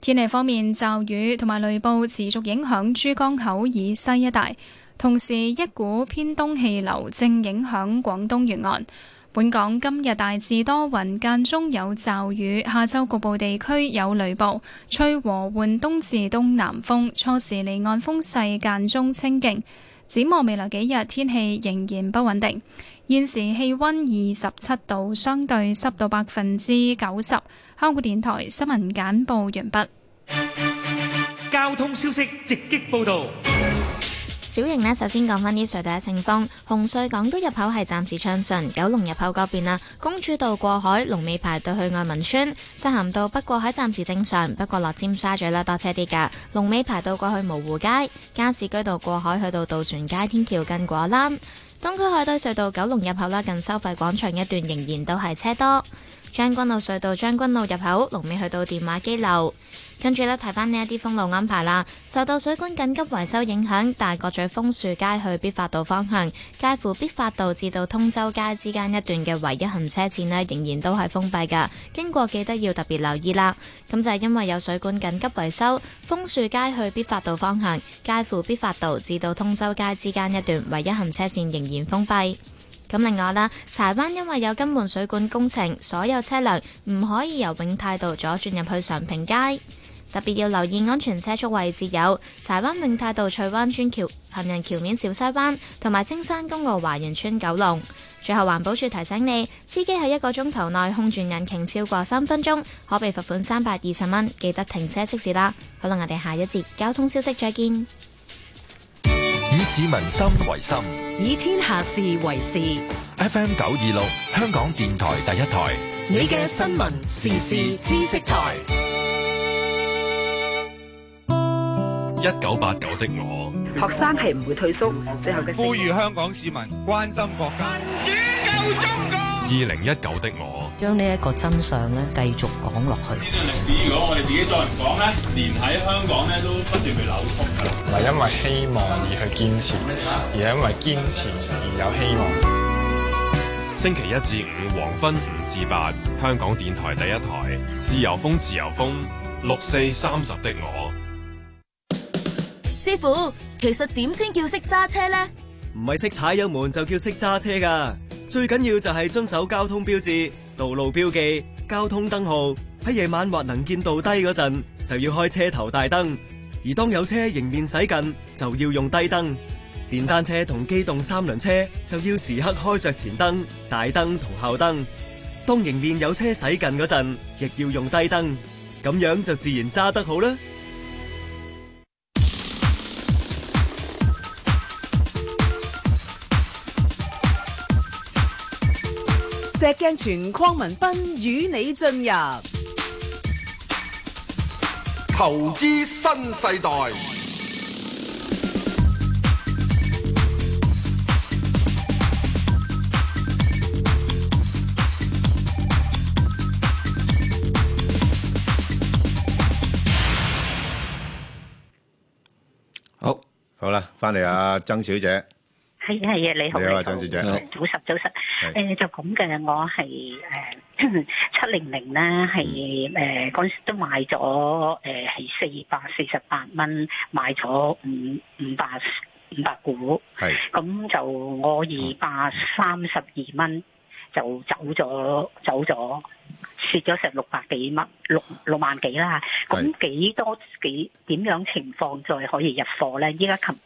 天氣方面，驟雨同埋雷暴持續影響珠江口以西一帶，同時一股偏東氣流正影響廣東沿岸。本港今日大致多雲，間中有驟雨，下周局部地區有雷暴，吹和緩東至東南風，初時離岸風勢間中清勁。展望未來幾日天氣仍然不穩定，現時氣温二十七度，相對濕度百分之九十。香港電台新聞簡報完畢。交通消息直擊報道。小型呢，首先講翻啲隧道嘅情況。紅隧港島入口係暫時暢順，九龍入口嗰邊啊，公主道過海，龍尾排到去愛民村；西行道不過喺暫時正常，不過落尖沙咀啦，多車啲噶。龍尾排到過去蕪湖街，加士居道過海去到渡船街天橋近果欄，東區海底隧道九龍入口啦，近收費廣場一段仍然都係車多。將軍澳隧道將軍澳入口，龍尾去到電話機樓。跟住呢，睇返呢一啲封路安排啦。受到水管緊急維修影響，大角咀楓樹街去必發道方向，介乎必發道至到通州街之間一段嘅唯一行車線呢，仍然都係封閉㗎。經過記得要特別留意啦。咁就係因為有水管緊急維修，楓樹街去必發道方向，介乎必發道至到通州街之間一段唯一行車線仍然封閉。咁另外啦，柴灣因為有更換水管工程，所有車輛唔可以由永泰道左轉入去常平街，特別要留意安全車速位置有柴灣永泰道翠灣村橋行人橋面、小西灣同埋青山公路華人村九龍。最後環保署提醒你，司機喺一個鐘頭內空轉引擎超過三分鐘，可被罰款三百二十蚊，記得停車熄匙啦。好啦，我哋下一節交通消息再見。以市民心為心，以天下事為事。FM 九二六，香港電台第一台，你嘅新聞時事知識台。一九八九的我，學生係唔會退縮，最後呼籲香港市民關心國家。二零一九的我，將呢一個真相咧，繼續講落去。呢段歷史如果我哋自己再唔講咧，連喺香港咧都不斷被扭曲。唔係因為希望而去堅持，而係因為堅持而有希望。星期一至五黃昏五至八，香港電台第一台自由風，自由風，自由風六四三十的我。師傅，其實點先叫識揸車咧？唔係識踩油門就叫識揸車噶。最緊要就係遵守交通標誌、道路標記、交通燈號。喺夜晚或能見度低嗰陣，就要開車頭大燈；而當有車迎面駛近，就要用低燈。電單車同機動三輪車就要時刻開着前燈、大燈同後燈。當迎面有車駛近嗰陣，亦要用低燈。咁樣就自然揸得好啦。石鏡泉鄺民彬與你進入投資新世代。好，好啦，翻嚟啊，曾小姐。係啊，係啊，你好，你好啊，張小姐，早晨，早晨，誒、呃，就咁嘅，我係誒、呃、七零零咧，係誒嗰時都賣咗，誒、呃、係四百四十八蚊，賣咗五五百五百股，係，咁就我二百三十二蚊就走咗、嗯、走咗，蝕咗成六百幾蚊，六六萬幾啦，咁幾多幾點樣情況再可以入貨咧？依家琴。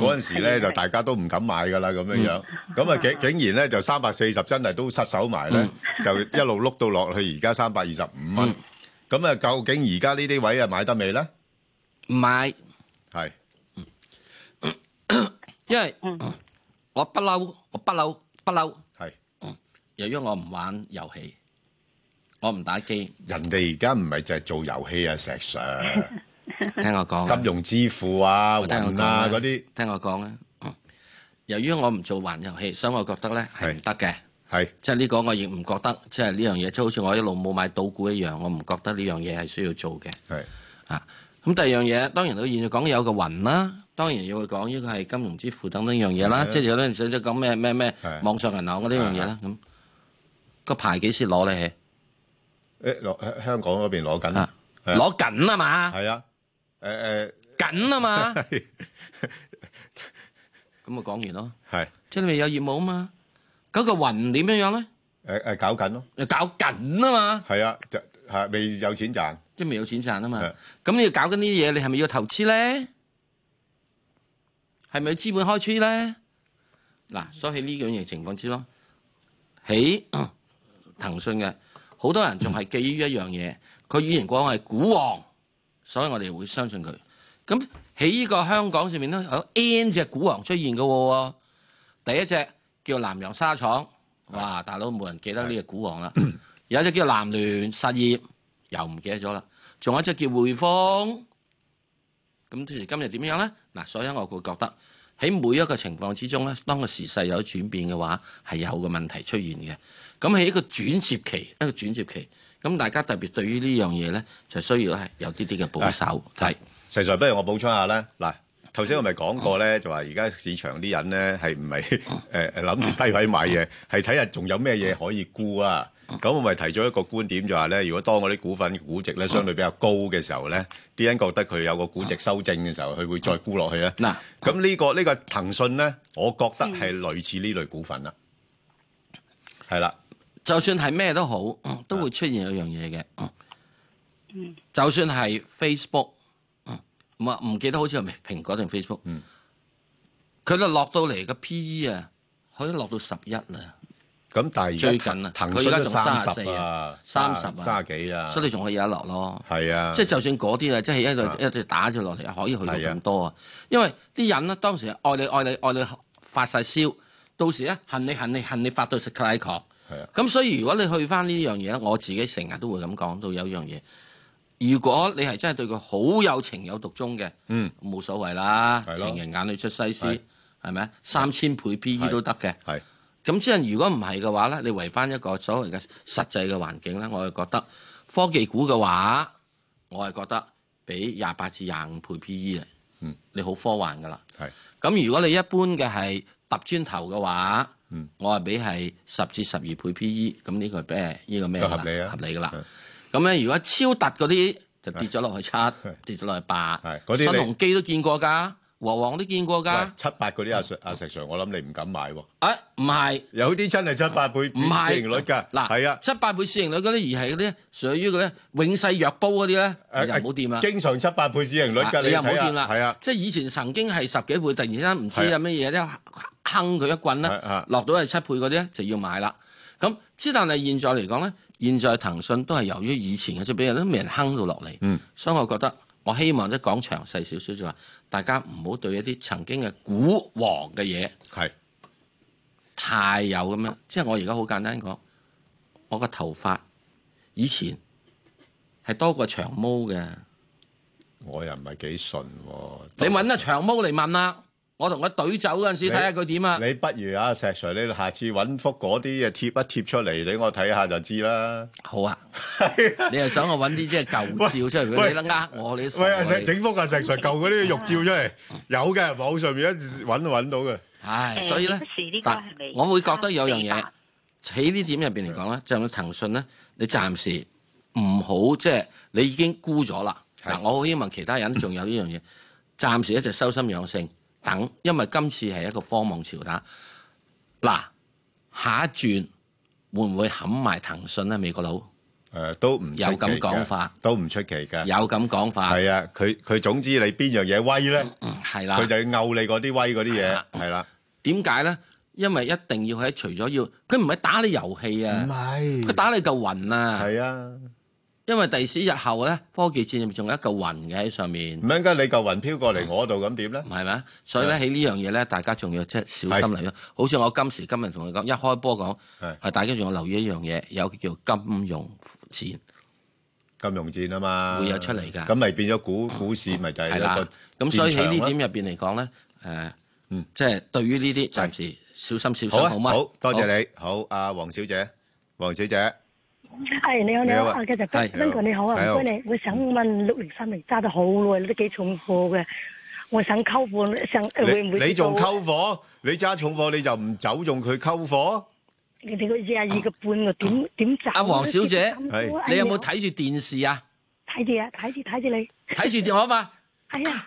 嗰陣時咧就大家都唔敢買噶啦咁樣樣，咁啊竟竟然咧就三百四十真係都失手埋咧，就一路碌到落去而家三百二十五蚊。咁啊究竟而家呢啲位啊買得未咧？唔買。係。因為我不嬲，我不嬲，不嬲。係。由於我唔玩遊戲，我唔打機。人哋而家唔係淨係做遊戲啊，石 sir。聽我講，金融支付啊，雲啊嗰啲，聽我講啊。由於我唔做玩遊戲，所以我覺得咧係唔得嘅。係，即係呢個我亦唔覺得，即係呢樣嘢，即係好似我一路冇買賭股一樣，我唔覺得呢樣嘢係需要做嘅。係。啊，咁第二樣嘢，當然佢現時講有個雲啦，當然要去講呢個係金融支付等等樣嘢啦，即係有陣時講咩咩咩網上銀行嗰啲樣嘢啦。咁個牌幾時攞咧？誒，攞香港嗰邊攞緊啊，攞緊啊嘛。係啊。誒誒緊啊嘛，咁咪講完咯，係即係你未有業務啊嘛，嗰、嗰個雲點樣樣咧？誒、uh, 誒搞緊咯，搞緊啊嘛，係啊，就係未有錢賺，即係未有錢賺啊嘛，咁你要搞緊啲嘢，你係咪要投資咧？係咪資本開支咧？嗱，所以呢樣嘢情況之咯，喺，騰訊嘅，好多人仲係基於一樣嘢，佢以 言講係股王。所以我哋會相信佢。咁喺呢個香港上面咧，有 N 隻股王出現嘅喎、哦。第一隻叫南洋沙廠，哇！大佬冇人記得呢隻股王啦。有一隻叫南聯實業，又唔記得咗啦。仲有一隻叫匯豐。咁到時今日點樣咧？嗱，所以我會覺得喺每一個情況之中咧，當個時勢有轉變嘅話，係有個問題出現嘅。咁喺一個轉接期，一個轉接期。咁大家特別對於呢樣嘢咧，就需要係有啲啲嘅保守。係，石 Sir，不如我補充下咧。嗱，頭先我咪講過咧，就話而家市場啲人咧係唔係誒諗住低位買嘢，係睇下仲有咩嘢可以沽啊？咁我咪提咗一個觀點，就話咧，如果當我啲股份估值咧相對比較高嘅時候咧，啲人覺得佢有個估值修正嘅時候，佢會再沽落去啊。嗱，咁呢個呢個騰訊咧，我覺得係類似呢類股份啦，係啦。就算係咩都好，嗯，都會出現一樣嘢嘅。就算係 Facebook，唔、嗯、唔記得好似係蘋果定 Facebook，嗯。佢就落到嚟個 P.E. 啊，可以落到十一啦。咁、嗯、但係最近騰訊，啊，佢而家仲三十四啊，三十，啊，三十幾啊，所以你仲可以一落咯。係啊，即係就算嗰啲，就是，啊，即係一對一對打住落嚟，可以去到咁多啊。因為啲人呢，當時愛你愛你愛你發晒燒，到時咧恨你恨你恨你發到食咁、嗯、所以如果你去翻呢樣嘢，我自己成日都會咁講到有一樣嘢，如果你係真係對佢好有情有獨鍾嘅，嗯，冇所謂啦，情人眼裏出西施，係咪三千倍 P E 都得嘅，係。咁即係如果唔係嘅話咧，你圍翻一個所謂嘅實際嘅環境咧，我係覺得科技股嘅話，我係覺得畀廿八至廿五倍 P E 啊，嗯，你好科幻噶啦，係。咁如果你一般嘅係。揼磚頭嘅話，嗯、我話俾係十至十二倍 P E，咁呢個誒呢、呃這個咩啦？就合理啊，合理㗎啦。咁咧如果超揼嗰啲，就跌咗落去七，跌咗落去八。新鴻基都見過㗎。和王都見過㗎，七八嗰啲阿阿石 Sir，我諗你唔敢買喎。啊、唔係，有啲真係七八倍市盈率㗎。嗱，係啊，七八倍市盈率嗰啲而係嗰啲屬於啲永世藥煲嗰啲咧，就唔好掂啊。經常七八倍市盈率㗎，你又唔好掂啦。係啊、啊，即係以前曾經係十幾倍，突然之間唔知有乜嘢，一坑佢一棍啦，落到、啊、係七倍嗰啲咧就要買啦。咁之但係現在嚟講咧，現在騰訊都係由於以前嘅就俾人都未人坑到落嚟、嗯，所以我覺得。我希望即係講詳細少少，就話大家唔好對一啲曾經嘅古王嘅嘢係太有咁樣。即係我而家好簡單講，我個頭髮以前係多過長毛嘅。我又唔係幾順喎。你搵阿長毛嚟問啦、啊。我同佢對走嗰陣時，睇下佢點啊！你不如啊石 Sir，你下次揾幅嗰啲嘅貼一貼出嚟，俾我睇下就知啦。好啊！ 你係想我揾啲即係舊照出嚟，你咧呃我喂你我？整幅啊石 Sir，舊嗰啲玉照出嚟，嗯、有嘅，網上面一揾到嘅。唉，所以咧，但係我會覺得有樣嘢喺呢點入邊嚟講咧，就、嗯、騰訊咧，你暫時唔好即係你已經沽咗啦。嗱，我好希望其他人仲有呢樣嘢， 暫時一直修心養性。等，因為今次係一個方望潮打嗱，下一轉會唔會冚埋騰訊咧？美國佬誒、呃、都唔有咁講法，都唔出奇嘅有咁講法。係啊，佢佢總之你邊樣嘢威咧？嗯，係啦。佢就要拗你嗰啲威嗰啲嘢，係、啊、啦。點解咧？因為一定要喺除咗要，佢唔係打你遊戲啊，唔係佢打你嚿雲啊，係啊。因為第時日後咧，科技戰入面仲有一嚿雲嘅喺上面。唔應該你嚿雲飄過嚟我度咁點咧？係、嗯、咪啊？所以咧喺呢樣嘢咧，大家仲要即係小心嚟咯。好似我今時今日同你講，一開波講係，大家仲要留意一樣嘢，有叫金融戰，金融戰啊嘛，會有出嚟噶。咁咪變咗股股市咪就係一個咁，所以喺呢點入邊嚟講咧，誒，嗯，即、就、係、是呃嗯就是、對於呢啲暫時小心小心好嘛。好、啊、好嗎？好多謝你，好阿黃、啊、小姐，黃小姐。係你好，你好啊！嘅就邊個你好啊？唔該你，我想問六零三零揸咗好耐，都幾重貨嘅，我想溝貨，想會唔會？你仲溝貨？你揸重貨你就唔走仲佢溝貨？你哋個二啊二個半個點點斬？阿黃小姐，你有冇睇住電視啊？睇住啊！睇住睇住你，睇住電話嘛？哎呀，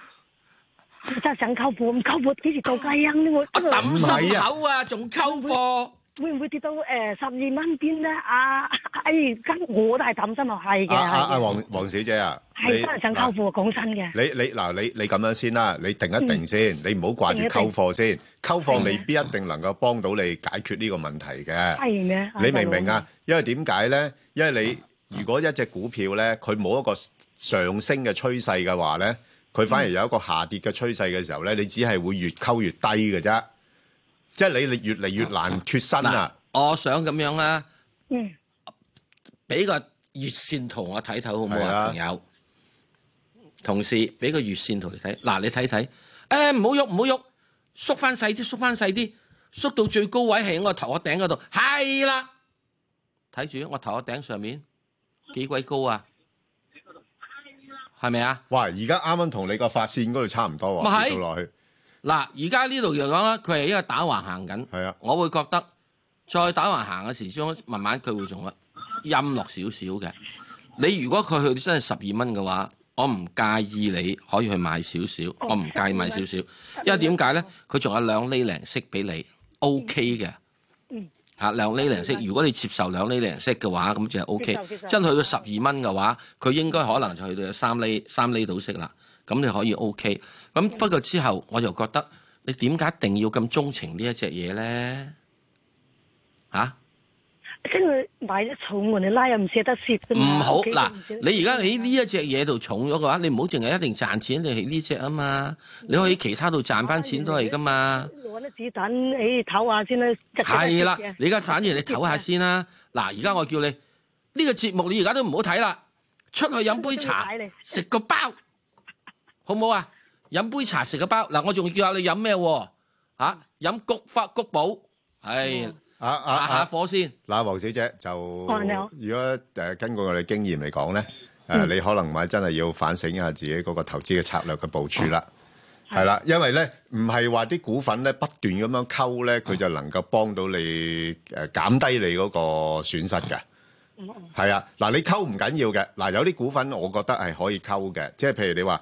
真係想溝貨，唔溝貨幾時到隔音？我抌心口啊，仲溝貨。會唔會跌到誒十二蚊邊咧？啊，哎，咁我都係擔心啊，係嘅。阿阿黃黃小姐啊，係真係想溝貨講真嘅。你你嗱，你你咁樣先啦，你定一定先，你唔好掛住溝貨先。溝貨未必一定能夠幫到你解決呢個問題嘅。係咩？你明唔明啊？因為點解咧？因為你如果一隻股票咧，佢冇一個上升嘅趨勢嘅話咧，佢反而有一個下跌嘅趨勢嘅時候咧，你只係會越溝越低嘅啫。即係你越嚟越難脫身啊，啊，啊我想咁樣啦、啊，嗯，俾個月線圖我睇睇好唔好啊？朋友，同事，俾個月線圖你睇，嗱、啊、你睇睇，誒唔好喐唔好喐，縮翻細啲縮翻細啲，縮到最高位係我頭殼頂嗰度，係啦，睇住我頭殼頂上面幾鬼高啊，係咪啊？喂，而家啱啱同你個髮線嗰度差唔多喎，跌到落去。嗱，而家呢度就講啦，佢係一個打橫行緊。係啊，我會覺得再打橫行嘅時中，慢慢佢會仲乜陰落少少嘅。你如果佢去真係十二蚊嘅話，我唔介意你可以去買少少、哦，我唔介意買少少。因為點解咧？佢仲有兩厘零息俾你，OK 嘅。嗯。嚇、OK 嗯，兩厘零息、嗯，如果你接受兩厘零息嘅話，咁、嗯、就係 OK。接受接受，真係去到十二蚊嘅話，佢應該可能就去到有三厘、三厘到息啦。咁你可以 OK。咁不過之後，我就覺得你點解一定要咁鍾情呢一隻嘢咧？嚇、啊！即係買門得重喎，你拉又唔捨得蝕。唔好嗱，你而家喺呢一隻嘢度重咗嘅話你唔好淨係一定賺錢，你喺呢隻啊嘛，你可以其他度賺翻錢都嚟噶嘛。攞、啊、啲子彈，你唞下，下先啦。係啦，你而家反而你唞下先啦。嗱，而家我叫你呢、呢個節目，你而家都唔好睇啦，出去飲杯茶，食個包，好唔好啊？飲杯茶食個包。嗱，我仲叫下你飲咩喎？嚇，飲菊花菊寶，係壓下火先。嗱，黃小姐就如果，誒根據我哋經驗嚟講咧，誒你可能咪真係要反省一下自己嗰個投資嘅策略嘅部署啦，係啦，因為咧唔係話啲股份咧不斷咁樣溝咧，佢就能夠幫到你誒，減低你嗰個損失嘅。係啊，嗱，你溝唔緊要嘅，嗱，有啲股份我覺得係可以溝嘅，即係譬如你話。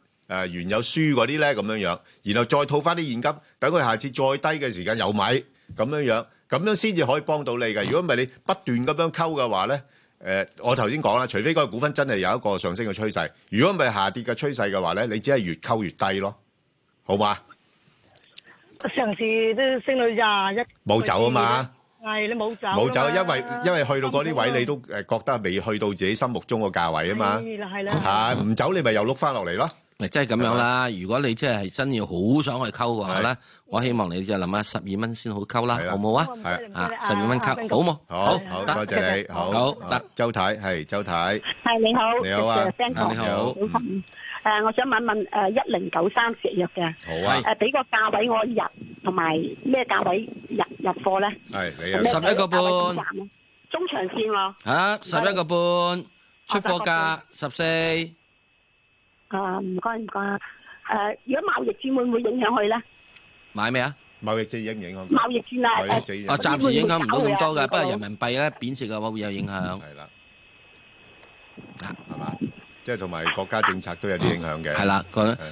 誒原有輸嗰啲咧咁樣樣，然後再套翻啲現金，等佢下次再低嘅時間又買咁樣樣，咁樣先至可以幫到你嘅。如果唔係你不斷咁樣溝嘅話咧，誒，我頭先講啦，除非嗰個股份真係有一個上升嘅趨勢，如果唔係下跌嘅趨勢嘅話咧，你只係越溝越低咯，好嘛？上次都升到廿一，冇走啊嘛，係你冇走，冇走，因為因為去到嗰啲位你都誒覺得未去到自己心目中個價位啊嘛，係啦，係啦，嚇唔走你咪又碌翻落嚟咯。即係咁樣啦！如果你真係係真要好想去溝嘅話咧，我希望你就諗下十二蚊先好溝啦，好唔好啊？係啊，十二蚊溝好唔好？好，好，多謝你，好，得周太係周太，係你好，你好啊，你好，你好。誒，我想問問誒一零九三石藥嘅，好啊，誒俾個價位我入，同埋咩價位入入貨咧？係，十一個半，中長線咯。嚇，十一個半出貨價十四。啊，唔該唔該啊！誒，如果貿易戰會唔會影響佢咧？買咩啊？貿易戰影唔影響？貿易戰啊！誒，啊，暫時影響唔到咁多嘅，不過人民幣咧貶值嘅話會有影響。係啦，啊，係嘛？即係同埋國家政策都有啲影響嘅。係啦，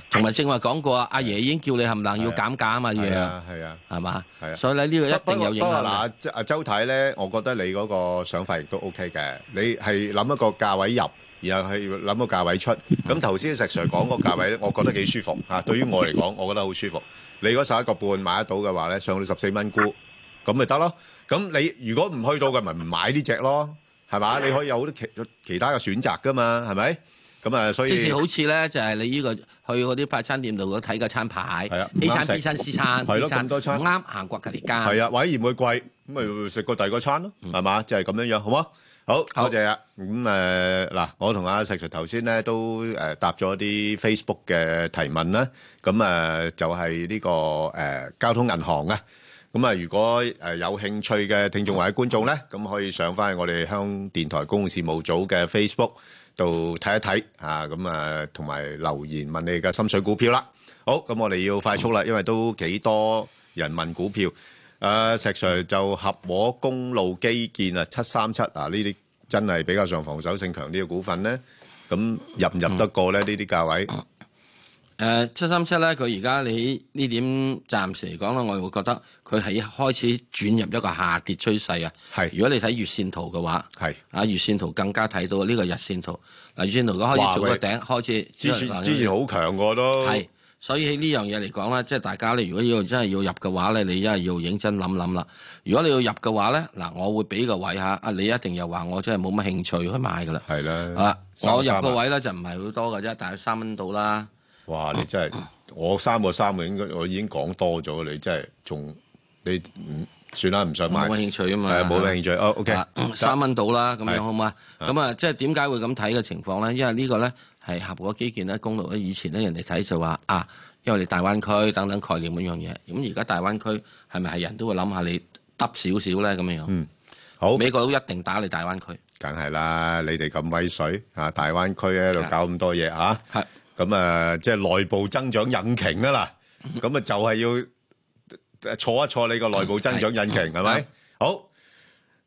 同埋正話講過啊，阿爺已經叫你，冚唪唥要減價啊嘛？嘢啊，係啊，係嘛？所以咧呢個一定有影響。不過嗱，阿阿周太咧，我覺得你嗰個想法亦都 OK 嘅。你係諗一個價位入。然後係諗個價位出，咁頭先石 Sir 講個價位咧，我覺得幾舒服吓，對於我嚟講，我覺得好舒服。你嗰十一個半買得到嘅話咧，上到十四蚊股，咁咪得咯。咁你如果唔去到嘅，咪唔買呢隻咯，係嘛？你可以有好多其其他嘅選擇噶嘛，係咪？咁誒，所以即係好似咧，就係你呢個去嗰啲快餐店度嗰睇個餐牌，A 餐 B 餐 C 餐，係咯，咁多餐，啱行過隔離間，係啊，反而唔會貴，咁咪食過第二個餐咯，係嘛？就係咁樣樣，好冇？好，多謝啊！咁誒嗱，我同阿石石頭先咧都誒答咗啲 Facebook 嘅提問啦。咁誒就係呢個誒交通銀行啊。咁啊，如果誒有興趣嘅聽眾或者觀眾咧，咁可以上翻我哋香港電台公共事務組嘅 Facebook 度睇一睇啊。咁啊，同埋留言問你哋嘅心水股票啦。好，咁我哋要快速啦，因為都幾多人問股票。啊、呃，石 Sir 就合和公路基建 737, 啊，七三七啊，呢啲真係比較上防守性強啲嘅股份咧，咁入唔入得過咧？呢、嗯、啲價位？誒、呃，七三七咧，佢而家你呢點暫時嚟講咧，我會覺得佢係開始轉入一個下跌趨勢啊。係，如果你睇月線圖嘅話，係啊，月線圖更加睇到呢、這個日線圖。嗱、啊，月線圖如果開始做個頂，開始之前之前好強個都。所以喺呢樣嘢嚟講咧，即係大家咧，如果要真係要入嘅話咧，你真係要認真諗諗啦。如果你要入嘅話咧，嗱，我會俾個位嚇，啊，你一定又話我真係冇乜興趣去買噶啦。係啦，我入個位咧就唔係好多㗎啫，大約三蚊到啦。哇！你真係 我三個三個應該，我已經講多咗你真，真係仲你唔算啦，唔想買。冇乜興趣啊嘛，冇、啊、乜興趣。OK，三蚊到啦，咁、啊 okay, 樣好嗎？咁啊，即係點解會咁睇嘅情況咧？因為呢個呢個咧。係合布嗰基建咧、公路咧，以前咧人哋睇就話啊，因為你大灣區等等概念嗰樣嘢，咁而家大灣區係咪係人都會諗下你揼少少咧咁樣樣？嗯，好，美國都一定打你大灣區，梗係啦，你哋咁威水啊！大灣區喺度搞咁多嘢啊，係咁啊，即係內部增長引擎啊啦，咁啊就係要挫一挫你個內部增長引擎係咪？好，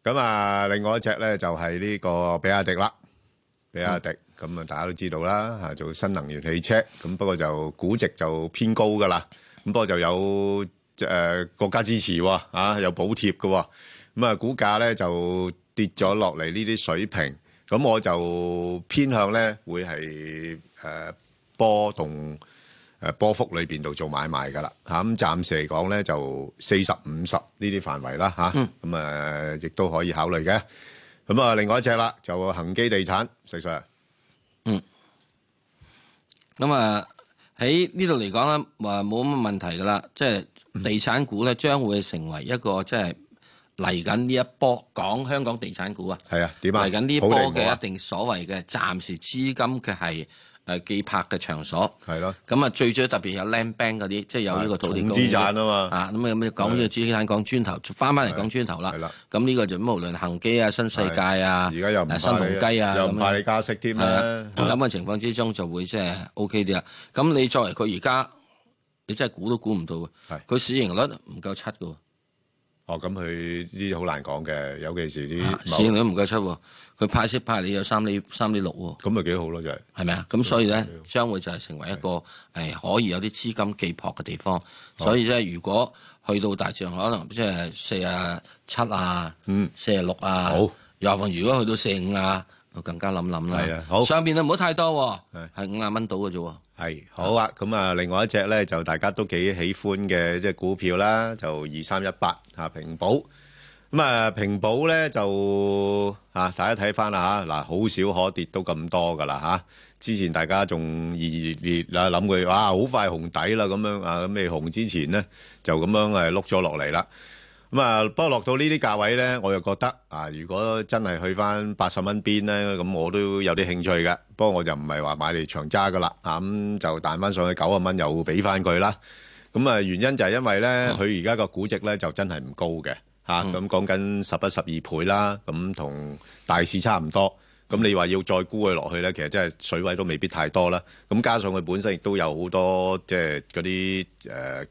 咁啊，另外一隻咧就係呢個比亞迪啦，比亞迪。咁啊，大家都知道啦，做新能源汽車咁，不過就估值就偏高噶啦。咁不過就有誒、呃、國家支持啊，有補貼嘅，咁啊，股價咧就跌咗落嚟呢啲水平。咁我就偏向咧會係、呃、波動、呃、波幅裏邊度做買賣噶啦。咁暫時嚟講咧就四十五十呢啲範圍啦。咁啊，亦、啊、都、啊、可以考慮嘅。咁啊，另外一隻啦就恒基地產，石 Sir 嗯，咁啊喺呢度嚟講啦，話冇乜問題噶啦，即係地產股咧，將會成為一個即係嚟緊呢一波講香港地產股啊，係啊，點啊，嚟緊呢一波嘅一定所謂嘅暫時資金嘅係。係記拍嘅場所，係咯。咁啊，最最特別有 land bank 嗰啲，即係有呢個土地公司。啊、總資產啊嘛。啊，咁啊咁講講呢個資產，講磚頭翻翻嚟講磚頭啦。係啦。咁呢個就無論恆基啊、新世界啊、又新鴻基啊，又怕你加息添、啊、啦。咁嘅、啊啊、情況之中，就會即係 OK 啲啦。咁你作為佢而家，你真係估都估唔到嘅。佢市盈率唔夠七嘅。哦，咁佢呢啲好難講嘅，尤其是啲市盈率都唔夠出，佢派息派你有三厘三厘六喎，咁咪幾好咯，就係、係。係咪啊？咁所以咧，將會就係成為一個可以有啲資金寄泊嘅地方。所以即、嗯、如果去到大上，可能即係四啊、七啊，嗯，四啊、六啊，好，又話如果去到四五啊。我更加諗諗啦，係啦，好上邊啊，唔好太多，係五廿蚊到嘅啫。係好啊，咁啊，另外一隻咧就大家都幾喜歡嘅即係股票啦，就二三一八啊，平保，咁啊平保咧就啊，大家睇翻啦吓，嗱，啊，好少可跌到咁多噶啦吓，之前大家仲熱熱啊，諗佢哇，好快紅底啦咁樣啊，咁未紅之前咧就咁樣誒碌咗落嚟啦。咁啊，不過落到呢啲價位呢，我又覺得啊，如果真係去返八十蚊邊呢，咁我都有啲興趣㗎。不過我就唔係話買嚟長揸㗎啦，咁就彈返上去九十蚊，又俾返佢啦。咁啊，原因就係因為呢，佢而家個估值呢就真係唔高嘅，嗯。咁講緊十一十二倍啦，咁同大市差唔多。咁你話要再沽佢落去呢？其實真係水位都未必太多啦。咁加上佢本身亦都有好多即係嗰啲誒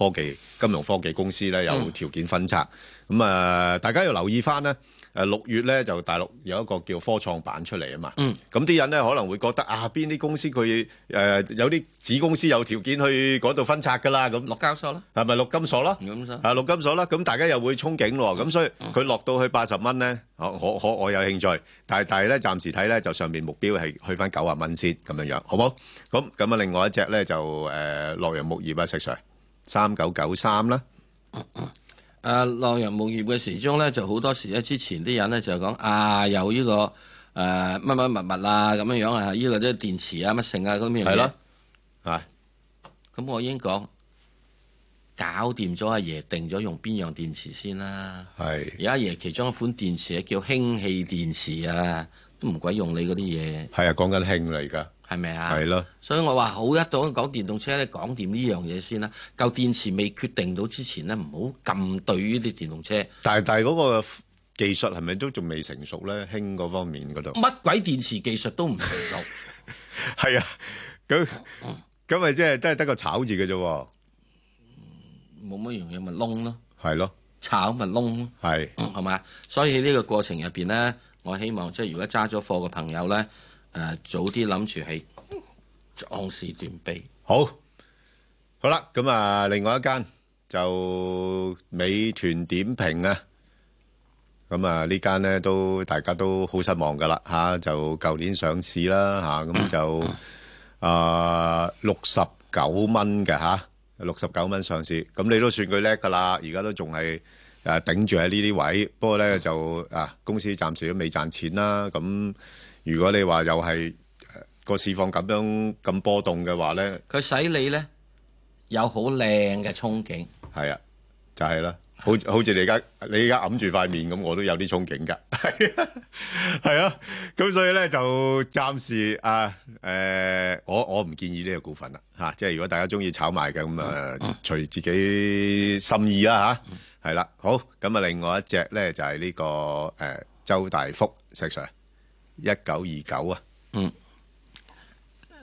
誒科技金融科技公司呢，有條件分拆。咁、嗯、啊、呃，大家要留意翻呢誒六月咧就大陸有一個叫科創板出嚟啊嘛，咁啲人咧可能會覺得啊邊啲公司佢誒有啲子公司有條件去嗰度分拆噶啦咁，陸交所咯，係咪陸金所咯？陸金所，係陸金所啦。咁大家又會憧憬喎，咁所以佢落到去八十蚊咧，我我我我有興趣，但係但係咧暫時睇咧就上面目標係去返九啊蚊先咁樣樣，好冇？咁咁啊另外一隻咧就誒洛陽鉬業啊石 Sir 三九九三啦。啊！浪人無業嘅時鐘咧，就好多時咧。之前啲人咧就係講啊，有呢個誒乜乜物物啊咁樣樣啊，呢個即係電池啊乜性啊咁樣嘢。係咯，係。咁我已經講搞掂咗，阿爺定咗用邊樣電池先啦。係。而家阿爺其中一款電池啊，叫氫氣電池啊，都唔鬼用你嗰啲嘢。係啊，講緊氫㗎喇，而家。係咪啊？係咯，所以我話好一度講電動車咧，講掂呢樣嘢先啦。夠電池未決定到之前咧，唔好禁對於呢啲電動車。嗯、但係但係嗰個技術係咪都仲未成熟咧？興嗰方面度乜鬼電池技術都唔成熟。 係 啊，咁咁咪即係都係得個炒字嘅啫、啊。冇乜嘢咪窿咯。係咯。炒咪窿咯。係。係、嗯、嘛？所以喺呢個過程入邊咧，我希望即係如果揸咗貨嘅朋友咧。啊、早啲諗住係壯士斷臂，好，好啦，咁啊，另外一間就美團點評啊，咁啊這呢間呢都大家都好失望噶啦，吓、啊、就舊年上市啦，吓、啊、咁就 啊六十九蚊嘅吓，六十九蚊上市，咁你都算佢叻噶啦，而家都仲係誒頂住喺呢啲位，不過呢，就啊公司暫時都未賺錢啦，咁。如果你話又係個市況咁樣咁波動嘅話咧，佢使你咧有好靚嘅憧憬。係啊，就係啦，好好似你而家你而家揞住塊面咁，我都有啲憧憬㗎。係啊，係咯，咁所以咧就暫時啊，誒，我我唔建議呢個股份啦嚇。即係如果大家鍾意炒賣嘅咁啊，隨自己心意啦嚇。係啦，好咁啊，另外一隻咧就係呢個誒周大福石 Sir。一九二九啊！嗯，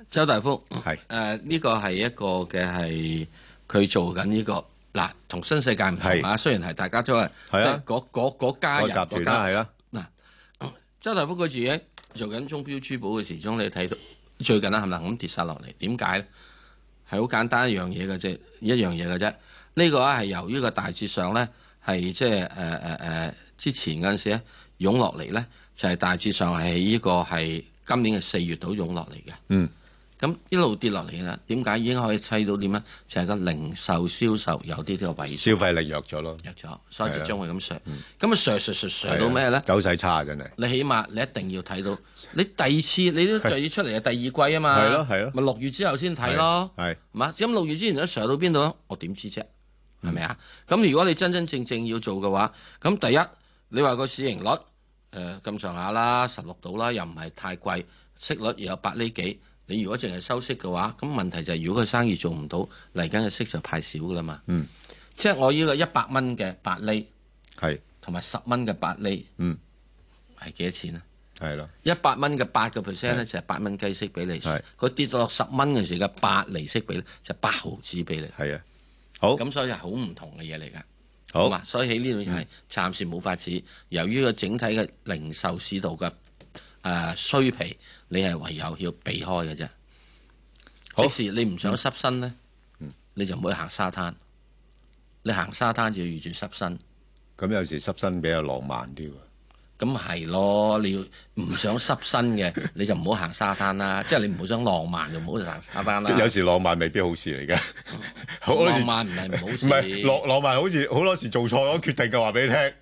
周大福係誒呢個係一個嘅係佢做緊呢個嗱，從新世界唔係啊，雖然係大家都係係啊，嗰家人嗰集團啦，嗱，周大福佢自己做緊鐘表珠寶嘅時鐘，你睇到最近啦，啊，係咪咁跌晒落嚟？點解？係好簡單一樣嘢嘅啫，一樣嘢嘅啫。呢個啊係由於個大致上咧，係即係誒誒誒之前嗰陣時咧湧落嚟咧。就係、是、大致上係呢個係今年嘅四月度湧落嚟嘅，咁一路跌落嚟啦。點解已經可以砌到點咧？就係、是、個零售銷售有啲呢個萎消費力弱咗咯，弱咗，所以將會咁上。咁啊上上上到咩咧？走勢差真係。你起碼你一定要睇到，你第二次你都就要出嚟啊！第二季啊嘛，係咯係咯，咪六月之後先睇咯，係嘛？咁六月之前都上到邊度咯？我點知啫？係咪啊？咁如果你真真正正要做嘅話，咁第一你話個市盈率。誒、呃、咁上下啦，十六度啦，又唔係太貴，息率又有八厘幾。你如果淨係收息嘅話，咁問題就係如果佢生意做唔到，嚟緊嘅息就太少噶啦嘛。嗯，即嗯，即係我依個一百蚊嘅八厘，係同埋十蚊嘅八厘，嗯，係幾多錢啊？係咯，一百蚊嘅八個 percent 咧，就係八蚊計息俾你。佢跌咗落十蚊嘅時嘅八厘息俾咧就八、是、毫子俾你。係啊，好，咁所以係好唔同嘅嘢嚟噶。好，所以喺呢度就係暫時冇法子、嗯。由於個整體嘅零售市道嘅誒衰皮，你係唯有要避開嘅啫。好，即時你唔想濕身咧、嗯，你就唔好行沙灘。你行沙灘就要遇住濕身，咁、嗯、有時濕身比較浪漫啲喎。咁係咯，你要唔想濕身嘅，你就唔好行沙灘啦。即係你唔好想浪漫，就唔好行沙灘啦。有時浪漫未必好事嚟㗎，浪漫唔係唔好事。唔係浪浪漫好似好多時做錯咗決定，就話俾你聽。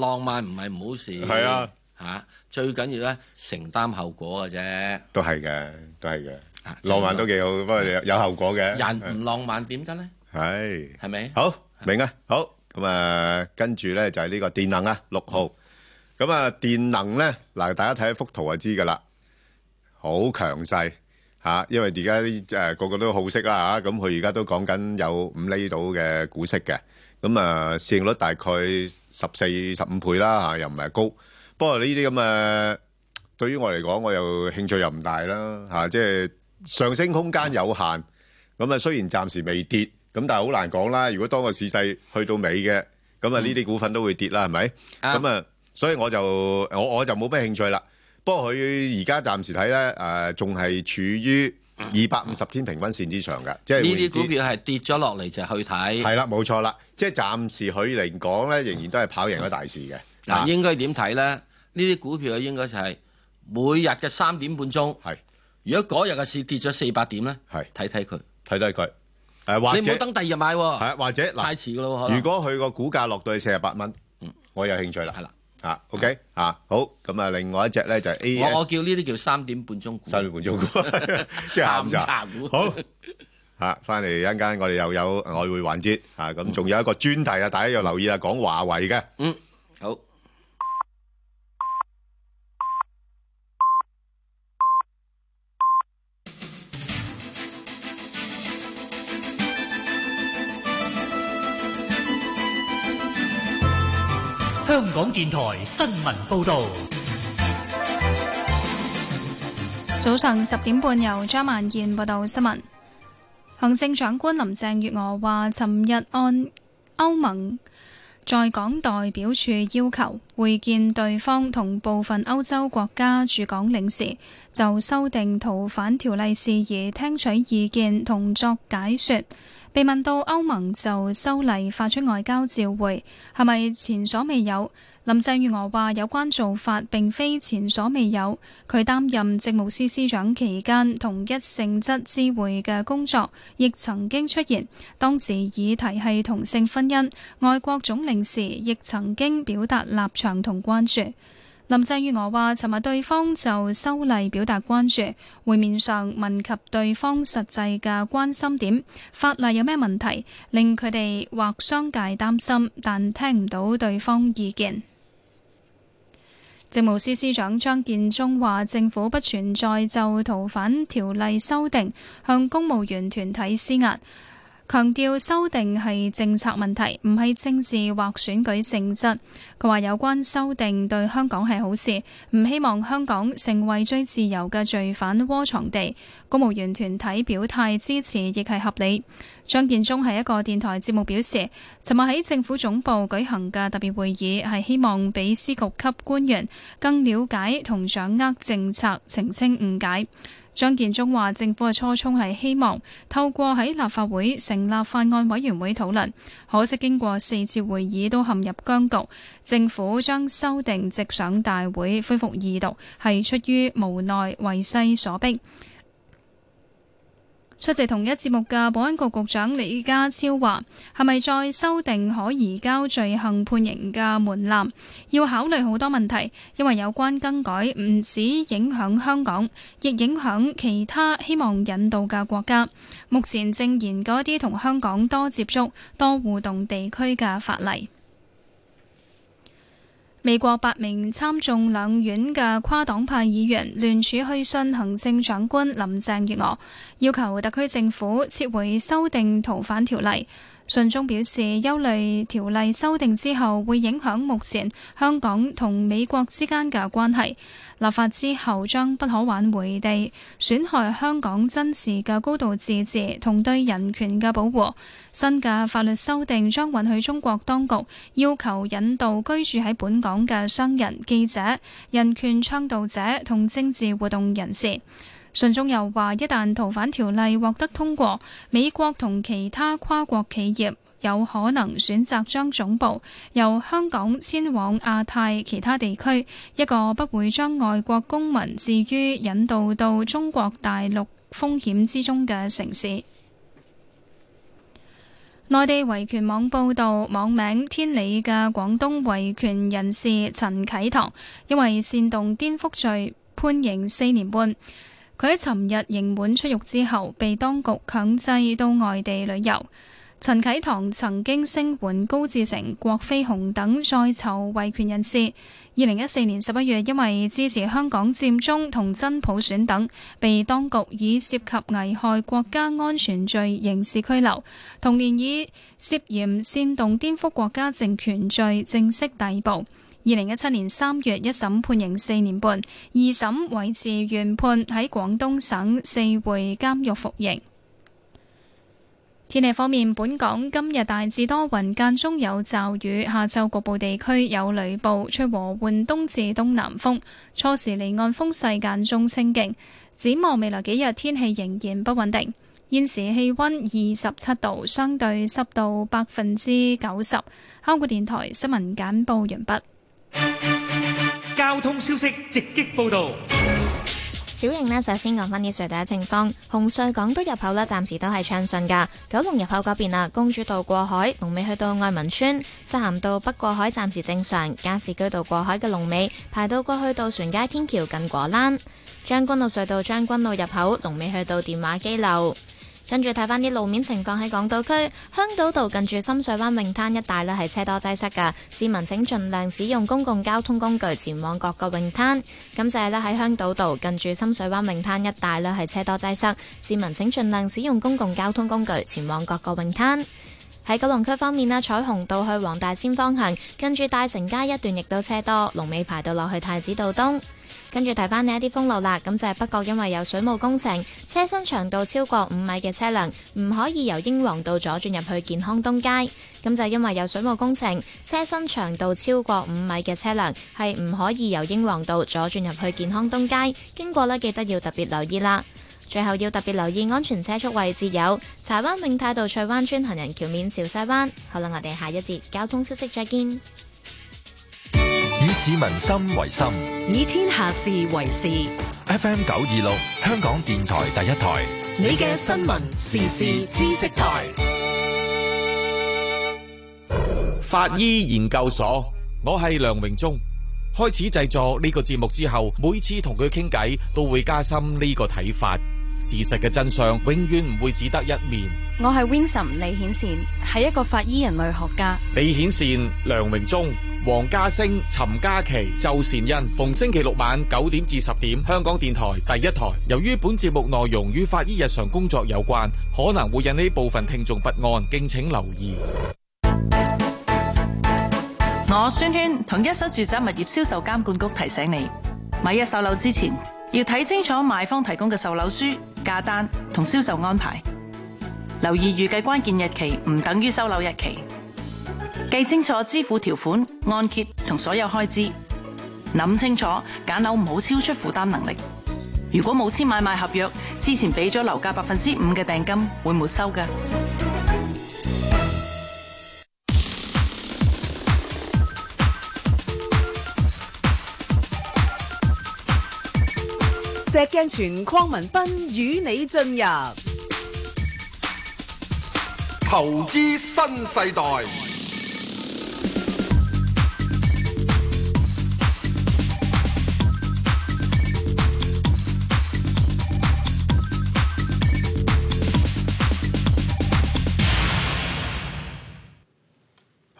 浪漫唔係唔好事。係啊，嚇最緊要咧，承擔後果嘅啫。都係嘅，都係嘅。浪漫都幾好，不過有有後果嘅。人唔浪漫點得咧？係係咪？好明啊！好咁啊，跟住咧就係呢個電能啊，六號。咁啊，電能咧，嗱，大家睇下幅圖就知噶啦，好強勢吓，因為而家誒個個都好識啦吓，咁佢而家都講緊有五厘度嘅股息嘅，咁啊市盈率大概十四十五倍啦吓，又唔係高，不過呢啲咁誒，對於我嚟講，我又興趣又唔大啦吓，即係上升空間有限，咁啊雖然暫時未跌，咁但係好難講啦，如果當個市勢去到尾嘅，咁啊呢啲股份都會跌啦，係咪？咁啊。所以我就我我就冇咩興趣啦。不過佢而家暫時睇咧，呃、仲係處於二百五十天平均線之上嘅、嗯嗯，即係呢啲股票係跌咗落嚟就去睇。係啦，冇錯啦，即係暫時佢嚟講咧，仍然都係跑贏咗大市嘅。嗱、嗯啊，應該點睇咧？呢啲股票應該就係每日嘅三點半鐘。係。如果嗰日嘅市跌咗四百點咧，睇睇佢。睇睇佢。誒，或者你冇等第二日買喎、啊。係啊，或者嗱，太遲㗎咯。如果佢個股價落到去四十八蚊，嗯，我有興趣啦。係啦。啊，OK，啊，好，咁啊，另外一隻咧就係 A，我我叫呢啲叫三點半鐘股，三點半鐘股，即係下午茶股。好，啊，翻嚟一陣間我哋又有外匯環節，啊，咁仲有一個專題啊，大家要留意啊，講華為嘅。嗯。香港電台新聞報道，早上十點半由張曼燕報道新聞。行政長官林鄭月娥話，尋日按歐盟在港代表處要求，會見對方同部分歐洲國家駐港領事，就修訂逃犯條例事宜聽取意見同作解說。被問到歐盟就修例發出外交照會係咪前所未有，林鄭月娥話有關做法並非前所未有。佢擔任政務司司長期間，同一性質之會嘅工作亦曾經出現，當時議題係同性婚姻。外國總領事亦曾經表達立場同關注。林鄭月娥話，尋日對方就修例表達關注，會面上問及對方實際嘅關心點，法例有咩問題令佢哋或商界擔心，但聽唔到對方意見。政務司司長張建宗話，政府不存在就逃犯條例修訂向公務員團體施壓，強調修訂係政策問題，唔係政治或選舉性質。佢話有關修訂對香港係好事，唔希望香港成為最自由嘅罪犯窩藏地。公務員團體表態支持，亦係合理。張建宗喺一個電台節目表示，尋日喺政府總部舉行嘅特別會議係希望俾司局級官員更了解同掌握政策，澄清誤解。張建宗話：政府嘅初衷係希望透過喺立法會成立法案委員會討論，可惜經過四次會議都陷入僵局。政府將修訂直上大會恢復二讀，係出於無奈為勢所逼。出席同一節目嘅保安局局長李家超話，係咪再修訂可移交罪行判刑嘅門檻？要考慮好多問題，因為有關更改唔只影響香港，亦影響其他希望引渡嘅國家。目前正研究一啲同香港多接觸、多互動地區嘅法例。美國八名參眾兩院嘅跨黨派議員聯署去信行政長官林鄭月娥，要求特區政府撤回修訂逃犯條例。信中表示，憂慮條例修訂之後會影響目前香港同美國之間嘅關係，立法之後將不可挽回地損害香港真實嘅高度自治同對人權嘅保護，新嘅法律修訂將允許中國當局要求引渡居住喺本港嘅商人、記者、人權倡導者同政治活動人士。信中又話：一旦逃犯條例獲得通過，美國同其他跨國企業有可能選擇將總部由香港遷往亞太其他地區，一個不會將外國公民置於引渡到中國大陸風險之中嘅城市。內地維權網報道，網名天理嘅廣東維權人士陳啟棠因為煽動顛覆罪判刑四年半。佢喺尋日刑滿出獄之後，被當局強制到外地旅遊。陳啟棠曾經聲援高志成、郭飛雄等在囚維權人士。二零一四年十一月，因為支持香港佔中同真普選等，被當局以涉及危害國家安全罪刑事拘留。同年以涉嫌煽動顛覆國家政權罪正式逮捕。二零一七年三月一審判刑四年半，二審維持原判，喺廣東省四會監獄服刑。天氣方面，本港今日大致多雲，間中有驟雨，下晝局部地區有雷暴，吹和緩東至東南風，初時離岸風勢間中清勁。展望未來幾日天氣仍然不穩定。現時氣温二十七度，相對濕度百分之九十。香港電台新聞簡報完畢。交通消息直擊報道。小瑩呢，首先講翻啲隧道嘅情況。紅隧港島入口呢，暫時都係暢順噶。九龍入口嗰邊啦，公主道過海龍尾去到愛民村，漆咸道北過海暫時正常。加士居道過海嘅龍尾排到過去到船街天橋近果欄。將軍澳隧道，將軍澳入口龍尾去到電話機樓。跟住睇翻啲路面情況喺港島區，香島道近住深水灣泳灘一帶呢係車多擠塞嘅，市民請盡量使用公共交通工具前往各個泳灘。咁就係啦，喺香島道近住深水灣泳灘一帶呢係車多擠塞，市民請盡量使用公共交通工具前往各個泳灘。喺九龍區方面呢，彩虹道去黃大仙方向，跟住大成街一段亦都車多，龍尾排到落去太子道東。跟住提翻你一啲封路啦，咁就係北角因為有水務工程，車身長度超過五米嘅車輛唔可以由英皇道左轉入去健康東街。咁就係因為有水務工程，車身長度超過五米嘅車輛係唔可以由英皇道左轉入去健康東街。經過呢，記得要特別留意啦。最後要特別留意安全車速位置有柴灣永泰道翠灣村行人橋面、潮西灣。好啦，我哋下一節交通消息再見。市民心為心，以天下事為事。FM 九二六，香港電台第一台，你嘅新聞時事知識台。法醫研究所，我係梁榮忠。開始製作呢個節目之後，每次同佢傾偈，都會加深呢個睇法。事實嘅真相永遠唔會只得一面。我係 Winsome 李顯善，係一個法醫人類學家。李顯善、梁榮忠、黃嘉星、陳嘉琪、周善恩，逢星期六晚九點至十點，香港電台第一台。由於本節目內容與法醫日常工作有關，可能會引起部分聽眾不安，敬請留意。我宣宣同一手住宅物業銷售監管局提醒你：買一手樓之前。要睇清楚賣方提供嘅售樓書、價單同銷售安排，留意預計關鍵日期唔等於收樓日期，計清楚支付條款、按揭同所有開支，諗清楚揀樓唔好超出負擔能力。如果冇簽買賣合約，之前俾咗樓價百分之五嘅訂金會沒收噶。石鏡泉鄺民彬與你進入投資新世代。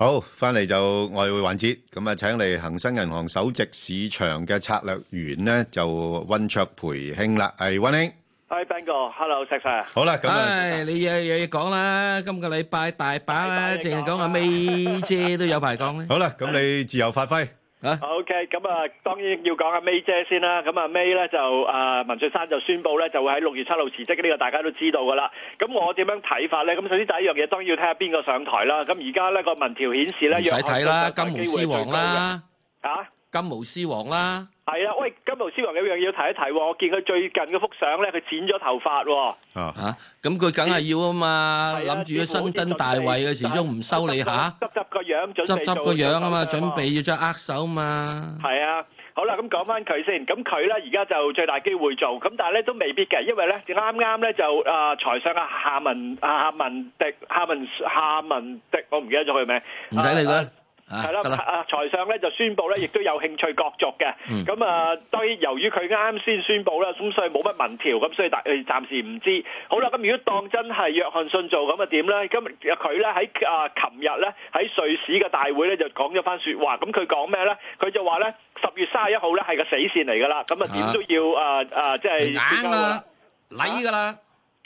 好，翻嚟就外匯環節，咁啊，請嚟恒生銀行首席市場嘅策略員咧，就温卓培兄啦，係温兄，係 Ben 哥，Hello，食飯，好啦，咁啊，你又又要講啦，今個禮拜大把，淨係講阿 May 姐都有排講，好啦，咁你自由發揮。啊、ok，咁啊，當然要講阿 May 姐先啦。咁阿 May 咧就啊、呃，文翠珊就宣布咧就會喺六月七號辭職，呢、這個大家都知道噶啦。咁我點樣睇法咧？咁首先第一樣嘢當然要睇下邊個上台啦。咁而家咧個民調顯示咧，唔使睇啦，金毛獅王啦。啊！金毛獅王啦，係啊！喂，金毛獅王有樣嘢，要提一提，我見佢最近嘅幅相咧，佢剪咗頭髮。啊吓，咁佢梗係要啊嘛，諗住要身登大位嘅時鐘唔收你吓。執執個樣，準備做。執執個樣啊嘛，準備要再握手啊嘛。係啊，好啦，咁講翻佢先。咁佢咧而家就最大機會做，咁但係咧都未必嘅，因為咧正啱啱咧就啊財相，啊夏文、啊夏文迪、夏文、夏文迪，我唔記得咗佢名，唔使理佢。係、啊、啦，財相咧就宣布咧，亦都有興趣角逐嘅。咁、嗯、啊，當然由於佢啱先宣布啦，咁所以冇乜民調，咁所以大暫時唔知。好啦，咁如果當真係約翰遜做咁啊點咧？今日佢咧喺啊，琴日咧喺瑞士嘅大會咧就講咗番説話。咁佢講咩咧？佢就話咧十月三十一號咧係個死線嚟噶啦。咁啊點都要啊即係噶啦！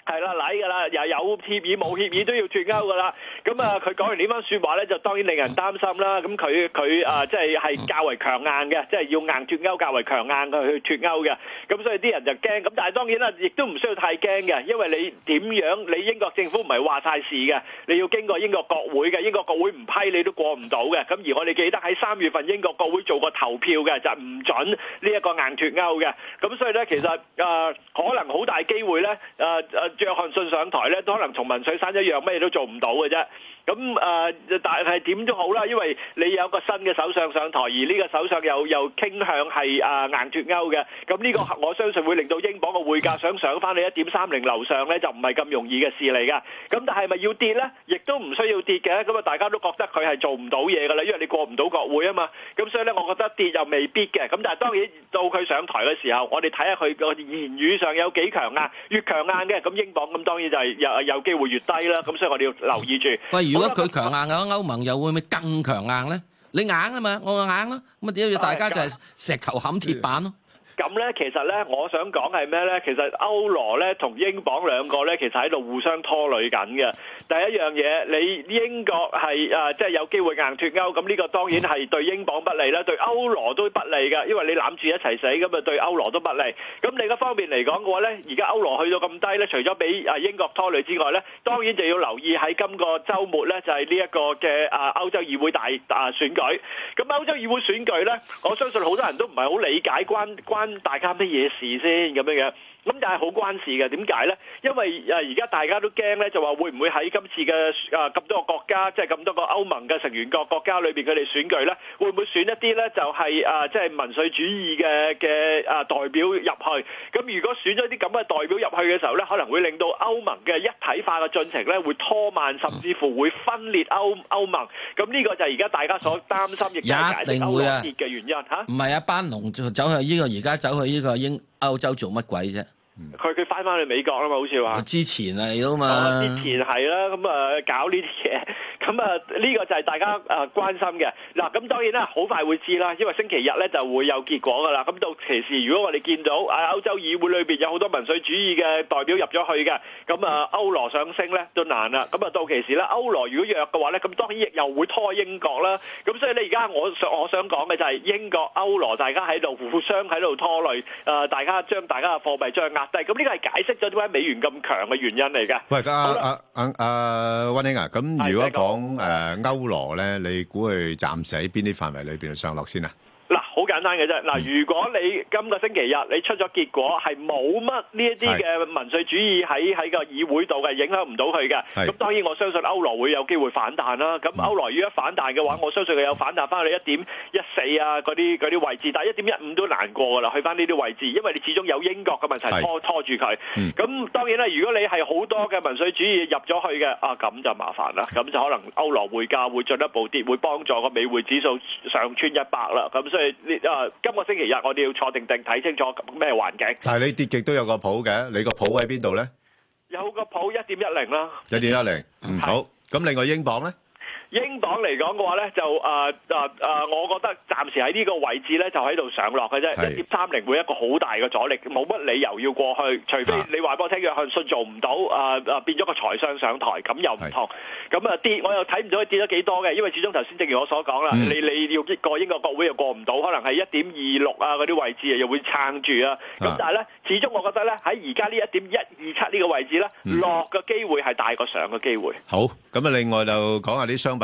係啦，嚟噶啦，又有協議冇協議都要脫歐噶啦。咁啊，佢講完番說話呢番説話咧，就當然令人擔心啦。咁佢佢啊，即係係較為強硬嘅，即係要硬脫歐，較為強硬嘅去脫歐嘅。咁所以啲人就驚。咁但係當然啦，亦都唔需要太驚嘅，因為你點樣你英國政府唔係話晒事嘅，你要經過英國國會嘅，英國國會唔批你都過唔到嘅。咁而我哋記得喺三月份英國國會做過投票嘅，就唔準呢一個硬脫歐嘅。咁所以咧，其實誒可能好大機會咧，誒誒。約翰遜上台咧，都可能同文翠珊一樣，咩都做唔到嘅啫。咁誒、呃，但係點都好啦，因為你有個新嘅首相上台，而呢個首相又又傾向係誒、啊、硬脱歐嘅，咁呢個我相信會令到英鎊個匯價想上翻你一點三零樓上呢，就唔係咁容易嘅事嚟噶。咁但係咪要跌呢？亦都唔需要跌嘅。咁啊，大家都覺得佢係做唔到嘢噶啦，因為你過唔到國會啊嘛。咁所以呢，我覺得跌又未必嘅。咁但係當然到佢上台嘅時候，我哋睇下佢個言語上有幾強硬，越強硬嘅，咁英鎊咁當然就有有機會越低啦。咁所以我哋要留意住。如果佢強硬嘅話，歐盟又會唔會更強硬咧？你硬啊嘛，我就硬咯，咁啊，只要大家就係石頭冚鐵板咯。咁呢，其實呢，我想講係咩呢？其實歐羅呢，同英鎊兩個呢，其實喺度互相拖累緊嘅。第一樣嘢，你英國係啊，即係有機會硬脫歐，咁呢個當然係對英鎊不利啦，對歐羅都不利嘅，因為你攬住一齊死，咁啊對歐羅都不利。咁另一方面嚟講嘅話呢，而家歐羅去到咁低呢，除咗俾啊英國拖累之外呢，當然就要留意喺今個週末呢，就係呢一個嘅啊歐洲議會大啊選舉。咁歐洲議會選舉呢，我相信好多人都唔係好理解關關。大家乜嘢事先咁樣？咁就係好關事嘅，點解呢？因為誒而家大家都驚呢，就話會唔會喺今次嘅誒咁多個國家，即係咁多個歐盟嘅成員國國家裏面，佢哋選舉呢會唔會選一啲呢？就係誒即係民粹主義嘅嘅誒代表入去？咁如果選咗啲咁嘅代表入去嘅時候呢，可能會令到歐盟嘅一體化嘅進程呢會拖慢甚至乎會分裂歐歐盟。咁呢個就係而家大家所擔心，亦都解説歐盟嘅原因唔係一、啊啊啊、班農就走去呢、呢個，而家走去呢個英。歐洲做乜鬼啫？佢佢翻翻去美國啊嘛，好似話之前啊嘛。之前係啦，咁啊之前是、嗯、搞呢啲嘢。咁啊，呢個就係大家啊關心嘅嗱。咁當然啦，好快會知啦，因為星期日咧就會有結果噶啦。咁到其時，如果我哋見到啊歐洲議會裏邊有好多民粹主義嘅代表入咗去嘅，咁啊歐羅上升咧都難啦。咁啊到其時咧歐羅如果弱嘅話咧，咁當然又會拖英國啦。咁所以咧而家我想我想講嘅就係英國歐羅大家喺度互相喺度拖累啊！大家將大家嘅貨幣將壓低。咁呢個係解釋咗點解美元咁強嘅原因嚟嘅。喂，阿阿阿溫兄啊，咁如果講。講誒歐羅咧，你估佢暫時喺邊啲範圍裏邊上落先啊？好簡單嘅啫。嗱，如果你今個星期日你出咗結果，係冇乜呢一啲嘅民粹主義喺喺個議會度嘅影響唔到佢嘅，咁當然我相信歐羅會有機會反彈啦。咁歐羅如果一反彈嘅話，我相信佢有反彈翻去一點一四啊嗰啲嗰啲位置，但係一點一五都難過噶啦，去翻呢啲位置，因為你始終有英國嘅問題拖拖住佢。咁當然啦，如果你係好多嘅民粹主義入咗去嘅，啊咁就麻煩啦，咁就可能歐羅匯價會進一步跌，會幫助個美匯指數上穿一百啦。咁所以你啊，今個星期日我哋要坐定定睇清楚咩環境。但係你跌極都有個譜嘅，你個譜喺邊度呢？有個譜一點一零啦。一點一零，嗯，好。咁另外英鎊呢？英鎊嚟講嘅話咧，就誒誒誒，我覺得暫時喺呢個位置咧，就喺度上落嘅啫。一點三零會一個好大嘅阻力，冇乜理由要過去，除非你話俾我聽，約翰遜做唔到，誒、呃、誒變咗個財相上台，咁又唔同。咁啊跌，我又睇唔到佢跌咗幾多嘅，因為始終頭先正如我所講啦、嗯，你你要過英國國會又過唔到，可能係一點二六啊嗰啲位置又會撐住啊。咁但係咧，始終我覺得咧，喺而家呢一點一二七呢個位置咧，落嘅機會係大過上嘅機會。嗯嗯、好，咁啊另外就講下啲商品。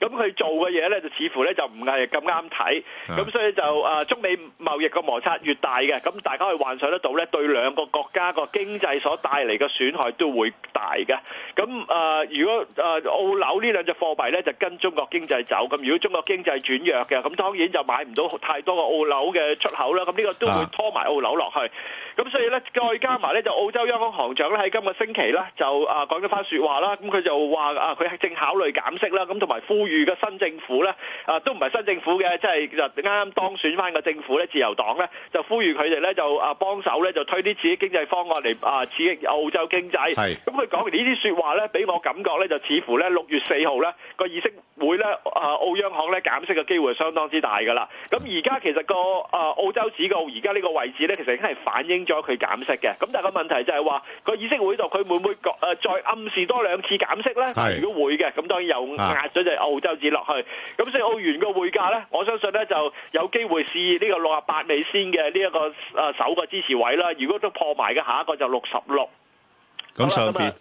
咁佢做嘅嘢呢，就似乎呢，就唔係咁啱睇，咁所以就啊，中美貿易嘅摩擦越大嘅，咁大家可以幻想得到呢，對兩個國家個經濟所帶嚟嘅損害都會大嘅。咁啊、呃，如果啊、呃、澳樓呢兩隻貨幣呢，就跟中國經濟走，咁如果中國經濟轉弱嘅，咁當然就買唔到太多個澳紐嘅出口啦。咁呢個都會拖埋澳紐落去。咁所以咧，再加埋咧，就澳洲央行行長咧喺今個星期咧，就啊講咗番說話啦。咁佢就話，啊，佢係、啊、正考慮減息啦。咁同埋呼籲個新政府咧，啊都唔係新政府嘅，即係就啱、是、啱當選翻個政府咧，自由黨咧就呼籲佢哋咧就啊幫手咧，就推啲刺激經濟方案嚟啊刺激澳洲經濟。係。咁佢講完呢啲說話咧，俾我感覺咧就似乎咧六月四號咧個議息會咧啊澳央行咧減息嘅機會相當之大噶啦。咁而家其實、個啊澳洲指數而家呢個位置咧，其實已經係反映。將佢減息嘅，咁但係個問題就係話個議息會度佢會唔會誒再暗示多兩次減息咧？如果會嘅，咁當然又壓咗隻澳洲紙落去。咁所以澳元個匯價咧，我相信咧就有機會試呢個六十八美仙嘅呢一個誒首個支持位啦。如果都破埋嘅，下一個就六十六。咁上邊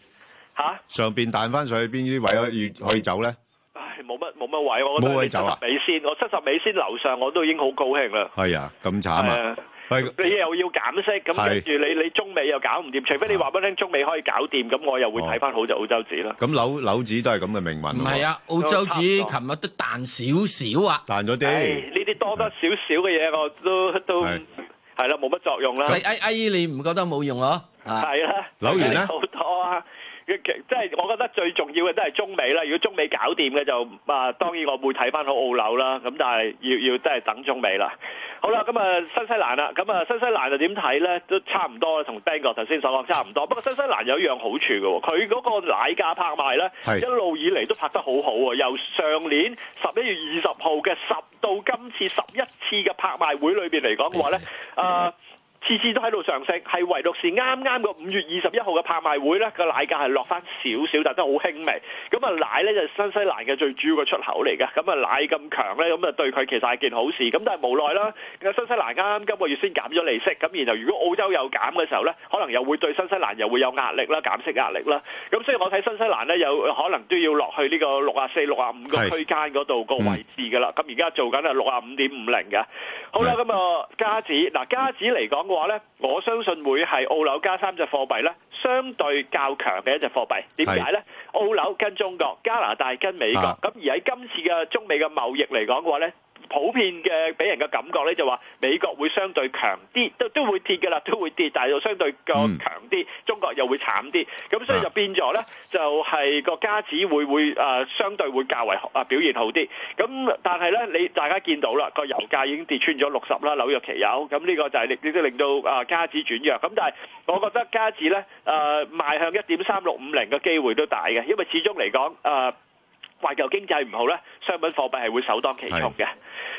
嚇？上邊彈翻上去邊啲位可以走咧？唉，冇乜冇乜位，我覺得冇可以走啊！美仙，我七十美仙樓上我都已經好高興啦。係啊，咁慘啊！係，你又要減息，咁跟住你你中美又搞唔掂，除非你話俾我聽中美可以搞掂，咁我又會睇翻好就澳洲紙啦。咁樓樓紙都係咁嘅命運。唔係啊，澳洲紙琴日都彈少少啊，彈咗啲。呢啲多多少少嘅嘢，我都都係啦，冇乜作用啦。阿阿姨你唔覺得冇用囉？係啦，扭完啦。好多啊！即係，我覺得最重要嘅都係中美啦。如果中美搞掂嘅就啊、呃，當然我會睇翻好澳樓啦。咁但係要要都係等中美啦。好啦，咁啊新西蘭啦、啊，咁啊新西蘭就點睇呢？都差唔多，同 b a n 哥頭先所講差唔多。不過新西蘭有一樣好處㗎喎，佢嗰個奶價拍賣呢，一路以嚟都拍得好好、啊、喎。由上年十一月二十號嘅十到今次十一次嘅拍賣會裏面嚟講話呢。啊、嗯、～、嗯呃次次都喺度上升，係唯獨是啱啱個五月二十一號嘅拍賣會呢個奶價係落翻少少，但都係好輕微。咁啊奶呢就係新西蘭嘅最主要嘅出口嚟嘅，咁啊奶咁強呢，咁啊對佢其實係件好事，咁但係無奈啦。新西蘭啱啱今個月先減咗利息，咁然後如果澳洲又減嘅時候呢，可能又會對新西蘭又會有壓力啦，減息壓力啦。咁所以我睇新西蘭呢，有可能都要落去呢個六啊四、六啊五個區間嗰度個位置㗎啦。咁而家做緊係六啊五點五零㗎。好啦，咁啊加紙嗱加紙嚟講。嘅話咧，我相信會係澳紐加三隻貨幣咧，相對較強嘅一隻貨幣。點解咧？澳紐跟中國、加拿大跟美國，咁而喺今次嘅中美嘅貿易嚟講嘅話咧。普遍嘅俾人嘅感覺呢，就話美國會相對強啲，都會跌㗎喇，都會跌，但係又相對較強啲，嗯，中國又會慘啲，咁所以就變咗呢，啊、就係個加紙會會、呃、相對會較為、呃、表現好啲。咁但係呢，你大家見到啦，個油價已經跌穿咗六十啦，紐約期油，咁呢個就係令到啊加紙轉弱。咁但係我覺得加紙呢，邁、呃、向一點三六五零嘅機會都大嘅，因為始終嚟講誒、呃，環球經濟唔好呢，商品貨幣係會首當其衝嘅。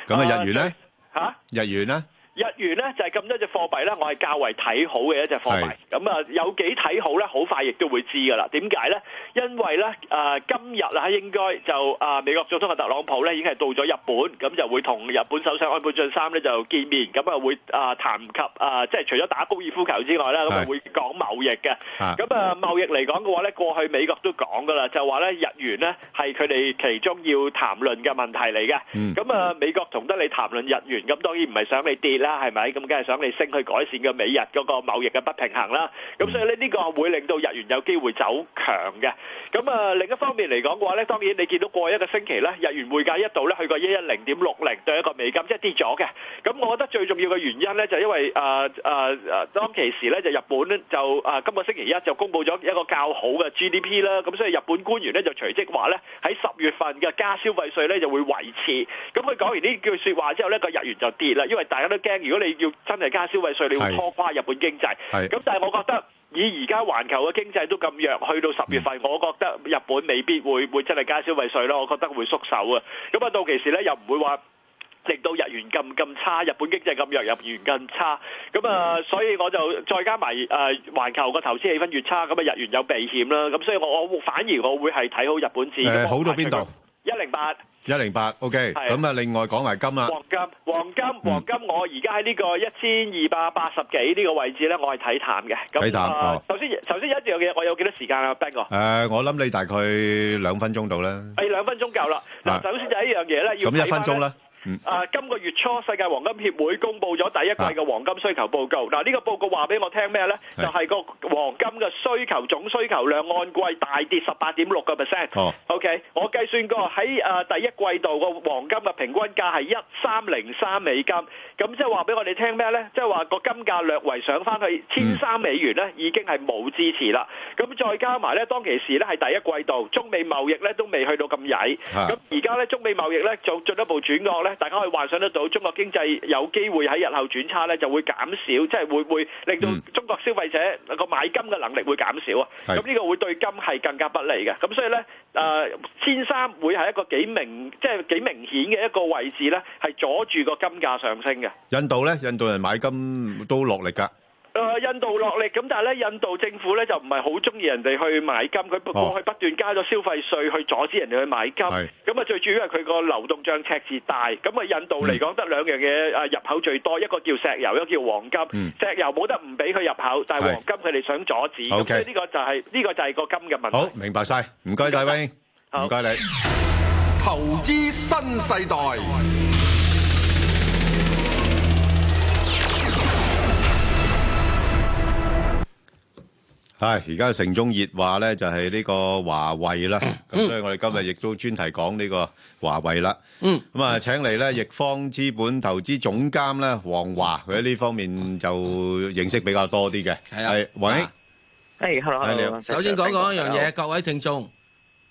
咁啊日元咧，嚇、uh, 日元咧。Huh? 日元咧就係咁多隻貨幣咧，我係較為睇好嘅一隻貨幣。咁啊，有幾睇好咧？好快亦都會知噶啦。點解咧？因為咧，啊、呃、今日啊，應該就啊、呃、美國總統特朗普咧已經係到咗日本，咁就會同日本首相安倍晉三咧就見面，咁啊會啊談、呃、及啊、呃、即係除咗打高爾夫球之外啦，咁啊會講貿易嘅。咁啊貿易嚟講嘅話咧，過去美國都講噶啦，就話咧日元咧係佢哋其中要談論嘅問題嚟嘅。咁、嗯、啊美國同得你談論日元，咁當然唔係想你跌。啊，係咪咁？梗係想你升去改善個美日嗰個貿易嘅不平衡啦。咁所以呢，呢個會令到日元有機會走強嘅。咁啊，另一方面嚟講嘅話呢，當然你見到過一個星期呢，日元匯價一度呢去過一一零點六零對一個美金，即係跌咗嘅。咁我覺得最重要嘅原因呢，就因為啊啊啊，當其時呢，就日本就啊，今個星期一就公佈咗一個較好嘅 GDP 啦。咁所以日本官員呢，就隨即話呢，喺十月份嘅加消費稅呢，就會維持。咁佢講完呢句説話之後呢，個日元就跌啦，因為大家都如果你要真係加消費稅，你會拖垮日本經濟。咁但係我覺得以而家環球嘅經濟都咁弱，去到十月份，嗯，我覺得日本未必會會真係加消費稅咯。我覺得會縮手啊。咁啊，到期時呢，又唔會話令到日元咁咁差，日本經濟咁弱，日元咁差。咁啊，所以我就再加埋誒，環球嘅投資氣氛越差，咁啊日元有避險啦。咁所以我我反而我會係睇好日本紙，嗯。好到邊度？一零八，一零八，OK。咁啊，另外講埋金啊。黃金，黃金，黃金，我而家喺呢個一千二百八十幾呢個位置咧，我係睇淡嘅。睇淡，首先首先有幾，我有幾多時間啊，Ben 哥？誒，我諗你大概兩分鐘到啦。係兩分鐘夠啦。嗱，首先就係一樣嘢咧，要咁一分鐘啦。啊！今個月初世界黃金協會公布咗第一季嘅黃金需求報告。嗱，呢個報告話俾我聽咩呢？就係個黃金嘅需求總需求量按季大跌十八點六個 percent。OK，我計算過喺誒第一季度個黃金嘅平均價係一三零三美金。咁即係話俾我哋聽咩呢？即係話個金價略為上返去千三美元呢，已經係冇支持啦。咁再加埋呢，當其時呢係第一季度，中美貿易呢都未去到咁曳。咁而家呢，中美貿易呢就進一步轉惡呢。大家可以幻想得到，中國經濟有機會喺日後轉差呢，就會減少，即係會會令到中國消費者個買金嘅能力會減少啊。咁呢個會對金係更加不利嘅。咁所以呢，誒千三會係一個幾明，即係幾明顯嘅一個位置呢，係阻住個金價上升嘅。印度呢，印度人買金都落力㗎。誒印度落力咁，但係咧印度政府咧就唔係好中意人哋去買金，佢不過去不斷加咗消費稅去阻止人哋去買金。咁、哦、啊，最主要係佢個流動帳赤字大。咁啊，印度嚟講得兩樣嘢入口最多，一個叫石油，一個叫黃金。嗯、石油冇得唔俾佢入口，但係黃金佢哋想阻止。ok 呢個就係、是、呢、這個就係個金嘅問題。好，明白晒。唔該大威，唔、嗯、該你。投資新世代。係、哎，而家城中熱話咧就係呢個華為啦，咁、嗯、所以我哋今日亦都專題講呢個華為啦。嗯，咁啊，請嚟咧易方資本投資總監咧黃華，佢喺呢方面就認識比較多啲嘅。係啊，喂，係、啊、hello, hello, 首先講講一樣嘢，hello, 各位聽眾。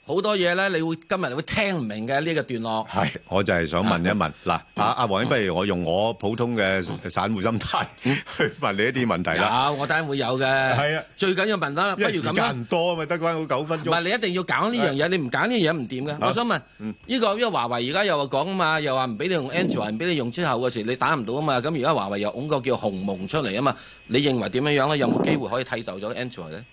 好多嘢咧，你會今日會聽唔明嘅呢、這個段落。係，我就係想問一問嗱，阿阿鄺兄不如我用我普通嘅散戶心態 去問你一啲問題啦。我當然會有嘅。係啊，最緊要問啦，不如咁啦。因為時間唔多咪得翻好九分鐘。唔係，你一定要搞呢樣嘢，你唔搞呢樣嘢唔掂嘅。我想問，呢、嗯，這個因為華為而家又話講啊嘛，又話唔俾你用 Android，唔、嗯、俾你用之後嘅時候，你打唔到啊嘛。咁而家華為又揾個叫鴻蒙出嚟啊嘛，你認為點樣樣咧？有冇機會可以替代咗 Android 咧？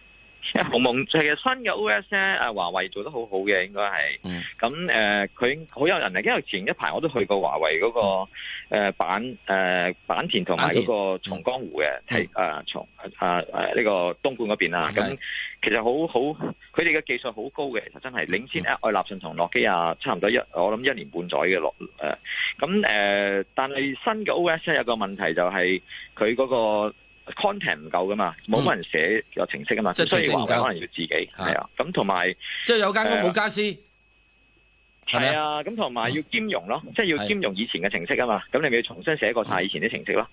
誒，鴻蒙新嘅 OS 咧、啊，誒，華為做得好好嘅，應該係。咁誒，佢好、呃、有人嚟，因為前一排我都去過華為嗰、那個誒、呃、坂誒坂田同埋呢個松江湖嘅，係誒、啊、松誒誒呢個東莞嗰邊啦。咁其實好好，佢哋嘅技術好高嘅，其實真係領先誒愛立信同諾基亞差唔多一，我諗一年半載嘅落誒。咁、啊、誒、呃，但係新嘅 OS 咧有個問題就係佢嗰個。content 唔夠噶嘛，冇乜人寫有程式㗎嘛，即係所以話可能要自己、嗯、啊。咁同埋即係有間屋冇家私，係啊。咁同埋要兼容咯，嗯、即係要兼容以前嘅程式啊嘛。咁、嗯嗯、你咪要重新寫過晒以前啲程式咯。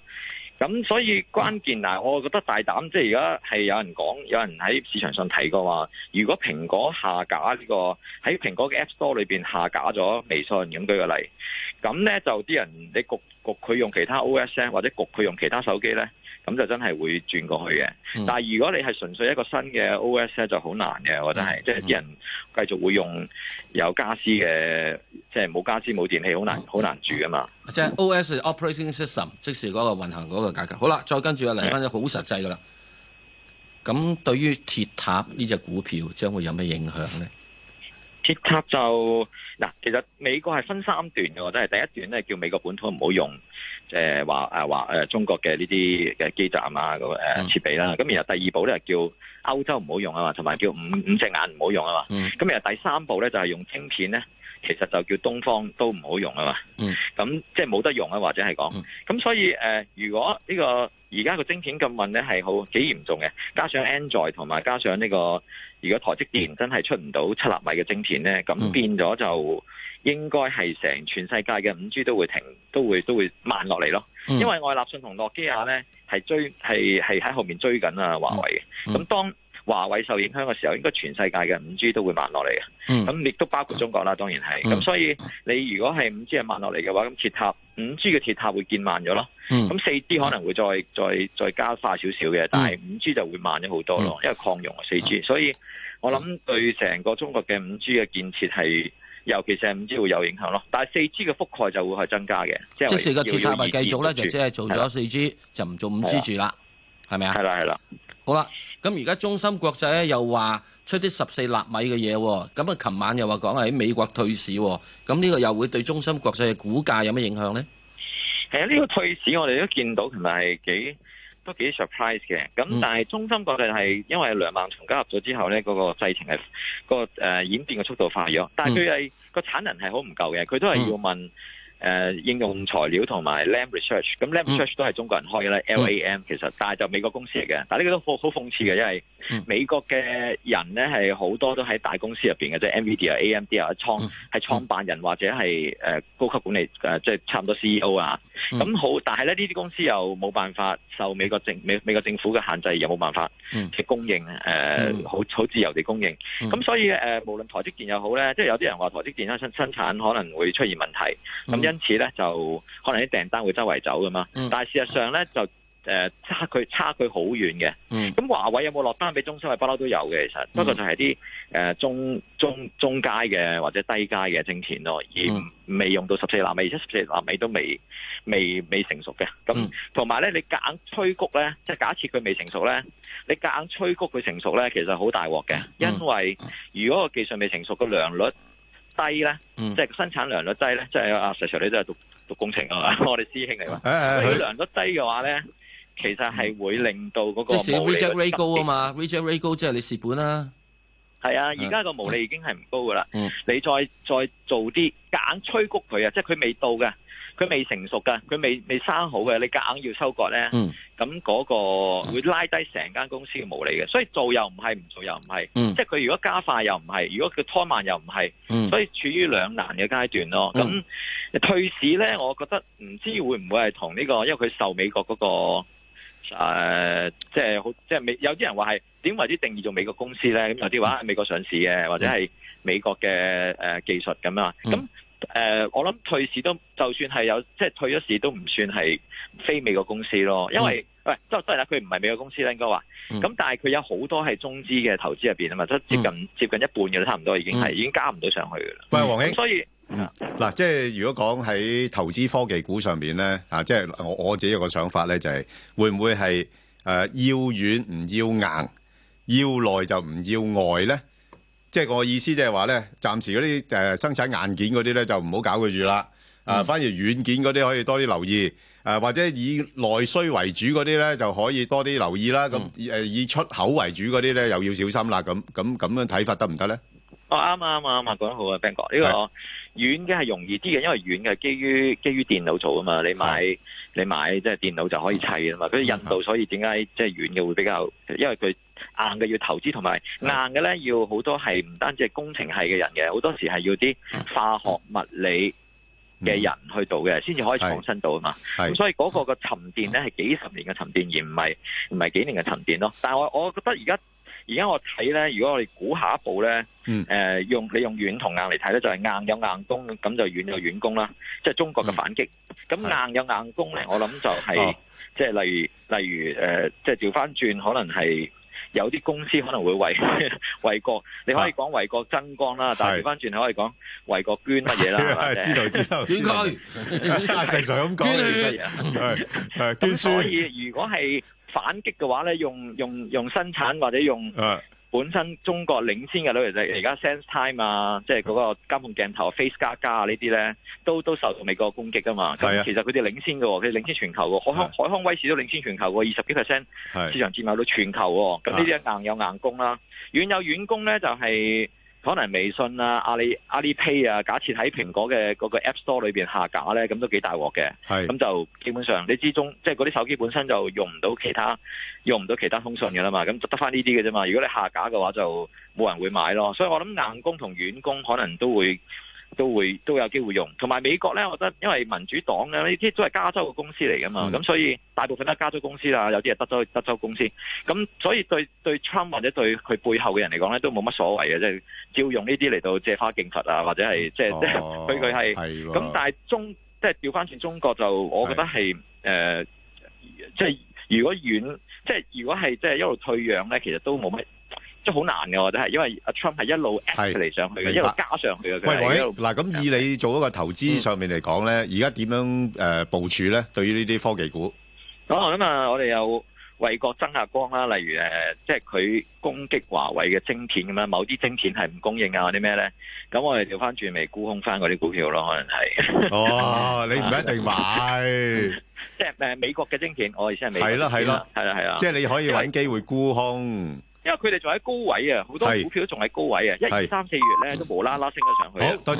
咁、嗯、所以關鍵嗱，我覺得大膽，即係而家係有人講，有人喺市場上睇過話，如果蘋果下架呢、呢個喺蘋果嘅 App Store 裏面下架咗微信咁嘅例，咁咧就啲人你焗焗佢用其他 OS 咧，或者焗佢用其他手機咧。咁就真係會轉過去嘅，但係如果你係純粹一個新嘅 OS 咧，就好難嘅，我覺得係，即係啲人繼續會用有家私嘅，即係冇家私冇電器，好難好難住啊嘛。即係 OS 係 operating system，即係嗰個運行嗰個架構。好啦，再跟住啊，嚟翻就好實際噶啦。咁對於鐵塔呢隻股票將會有咩影響咧？鐵塔就嗱，其實美國係分三段嘅，即係第一段咧叫美國本土唔好用，誒話誒話誒中國嘅呢啲嘅基站啊，咁誒設備啦、啊，咁然後第二步咧叫歐洲唔好用啊嘛，同埋叫五五隻眼唔好用啊嘛，咁然後第三步咧就係、是、用芯片咧，其實就叫東方都唔好用啊嘛，咁即係冇得用啊，或者係講，咁、嗯、所以誒、呃、如果呢、這個。而家個晶片禁運咧係好幾嚴重嘅，加上 Android 同埋加上呢、這個，如果台積電真係出唔到七納米嘅晶片咧，咁、嗯、變咗就應該係成全世界嘅五 G 都會停，都會都會慢落嚟咯、嗯。因為愛立信同諾基亞咧係追係係喺後面追緊啊華為嘅。咁、嗯嗯、當華為受影響嘅時候，應該全世界嘅五 G 都會慢落嚟嘅。咁亦都包括中國啦，當然係。咁、嗯、所以你如果係五 G 係慢落嚟嘅話，咁鐵塔。五 G 嘅鐵塔會建慢咗咯，咁四 G 可能會再、嗯、再再加快少少嘅，但係五 G 就會慢咗好多咯、嗯，因為擴容啊四 G，所以我諗對成個中國嘅五 G 嘅建設係，尤其是五 G 會有影響咯。但係四 G 嘅覆蓋就會係增加嘅。即係個鐵塔咪繼續咧，就即係做咗四 G 就唔做五 G 住啦，係咪啊？係啦係啦，好啦，咁而家中芯國際咧又話。出啲十四納米嘅嘢喎，咁啊，琴晚又話講喺美國退市喎，咁呢個又會對中心國際嘅股價有咩影響咧？係啊，呢、這個退市我哋都見到，其實係幾都幾 surprise 嘅。咁、嗯、但係中心國際係因為梁孟松加入咗之後咧，嗰、那個製程嘅、那個、呃、演變嘅速度快咗，但係佢係個產能係好唔夠嘅，佢都係要問誒、嗯呃、應用材料同埋 Lam Research，咁 Lam Research 都係中國人開嘅啦、嗯、，LAM 其實，但係就是美國公司嚟嘅，但係呢個都好好諷刺嘅，因為。嗯、美國嘅人咧係好多都喺大公司入邊嘅，即、就、係、是、NVIDIA 啊、AMD 啊，創係創辦人或者係誒、呃、高級管理誒，即、呃、係、就是、差唔多 CEO 啊。咁、嗯、好，但係咧呢啲公司又冇辦法受美國政美美國政府嘅限制，又冇辦法嘅供應誒，好、呃、好、嗯、自由地供應。咁、嗯、所以誒、呃，無論台積電又好咧，即係有啲人話台積電生,生生產可能會出現問題，咁因此咧就可能啲訂單會周圍走噶嘛。嗯、但係事實上咧就。誒、呃，差距差距好遠嘅。咁、嗯、華為有冇落單俾中芯？係不嬲都有嘅，其實。不過就係啲誒中中中階嘅或者低階嘅掙錢咯，而未用到十四納米，一十四納米都未未未成熟嘅。咁同埋咧，你夾硬催谷咧，即係假設佢未成熟咧，你夾硬催谷佢成熟咧，其實好大鑊嘅。因為如果個技術未成熟，個良率低咧，即、嗯、係、就是、生產良率低咧，即係阿石 Sir 你都係讀讀工程噶嘛， 我哋師兄嚟嘛，佢、哎哎、良率低嘅話咧。其實係會令到嗰個、嗯、即係 reject rate 高啊嘛 reject rate 高即係你蝕本啦。係啊，而家個毛利已經係唔高噶啦、嗯。你再再做啲硬催谷佢啊，即係佢未到嘅，佢未成熟噶，佢未未生好嘅，你夾硬要收割咧。咁、嗯、嗰個會拉低成間公司嘅毛利嘅，所以做又唔係，唔做又唔係、嗯。即係佢如果加快又唔係，如果佢拖慢又唔係、嗯，所以處於兩難嘅階段咯。咁、嗯、退市咧，我覺得唔知會唔會係同呢個，因為佢受美國嗰、嗰個。誒、呃，即係好，即係美有啲人話係點為之定義做美國公司咧？咁有啲話喺美國上市嘅，或者係美國嘅誒技術咁啊。咁、呃、誒、嗯呃，我諗退市都就算係有，即係退咗市都唔算係非美國公司咯。因為、嗯、喂都都係啦，佢唔係美國公司咧，應該話。咁但係佢有好多係中資嘅投資入邊啊嘛，都接近、嗯、接近一半嘅差唔多已經係、嗯、已經加唔到上去嘅啦。喂，王英，咁所以。嗱、嗯，即係如果講喺投資科技股上面咧，啊，即係我我自己有個想法咧，就係會唔會係誒要軟唔要硬，要內就唔要外咧？即係我意思即係話咧，暫時嗰啲誒生產硬件嗰啲咧就唔好搞佢住啦，啊，反而軟件嗰啲可以多啲留意，啊，或者以內需為主嗰啲咧就可以多啲留意啦。咁誒以出口為主嗰啲咧又要小心啦。咁咁咁樣睇法得唔得咧？哦，啱啊，啱啊，講得好啊，Ben 哥，呢、這個。軟嘅係容易啲嘅，因為軟嘅基於基於電腦做啊嘛，你買你買即係、就是、電腦就可以砌啊嘛。佢印度所以點解即係軟嘅會比較，因為佢硬嘅要投資，同埋硬嘅咧要好多係唔單止係工程系嘅人嘅，好多時係要啲化學物理嘅人去做嘅，先至可以創新到啊嘛。咁所以嗰個嘅沉澱咧係幾十年嘅沉澱，而唔係唔係幾年嘅沉澱咯。但係我我覺得而家。而家我睇咧，如果我哋估下一步咧，誒用你用軟同硬嚟睇咧，就係硬有硬攻，咁就軟有軟攻啦。即係中國嘅反擊。咁硬有硬攻咧，我諗就係即係例如例如誒，即係調翻轉，可能係有啲公司可能會為為國，你可以講為國增光啦，但係調翻轉你可以講為國捐乜嘢啦。係知道知道。捐軀，正常咁講嘅嘢。係係捐軀。咁所以如果係反擊嘅話咧，用用用生產或者用本身中國領先嘅例如就而家 SenseTime 啊，啊，啊，啊，即係嗰個監控鏡頭、啊、Face 加加啊呢啲咧，都都受到美國的攻擊噶嘛。咁其實佢哋領先嘅，佢哋領先全球嘅。海康海康威視都領先全球嘅，二十幾 percent 市場佔有到全球喎。咁呢啲硬有硬功啦，軟有軟功咧就係、是。可能微信啊、阿里、阿里 Pay 啊，假設喺蘋果嘅嗰個 App Store 裏邊下架咧，咁都幾大鑊嘅。係。咁就基本上你之中，即係嗰啲手機本身就用唔到其他，用唔到其他通訊嘅啦嘛。咁就得翻呢啲嘅啫嘛。如果你下架嘅話就冇人會買咯。所以我諗硬工同軟工可能都會。都會都有機會用，同埋美國咧，我覺得因為民主黨呢啲都係加州嘅公司嚟㗎嘛，咁、嗯、所以大部分都係加州公司啦，有啲係德州德州公司，咁所以對對 Trump 或者對佢背後嘅人嚟講咧，都冇乜所謂嘅，即係照用呢啲嚟到借花敬佛啊，或者係、就是哦、即係即係佢佢係，咁但係中即係調返轉中國就我覺得係誒，即係、呃就是、如果遠，即、就、係、是、如果係即係一路退讓咧，其實都冇乜。即係好難嘅，我覺得係，因為阿 Trump 係一路 a 嚟上去嘅，一路加上去嘅。喂嗱咁以你做一個投資上面嚟講咧，而家點樣誒、呃、部署咧？對於呢啲科技股，咁、嗯、啊，我哋又為國爭下光啦，例如誒，即係佢攻擊華為嘅晶片咁樣，某啲晶片係唔供應啊，啲咩咧？咁我哋調翻轉嚟沽空翻嗰啲股票咯，可能係。哦， 你唔一定買， 即係誒，美國嘅晶片，我而家美係啦係啦係啦係啦，即係你可以揾機會沽空。因為佢哋仲喺高位啊，好多股票都仲喺高位啊，一、二、三、四月咧都無啦啦升咗上去，係啊！多謝，謝。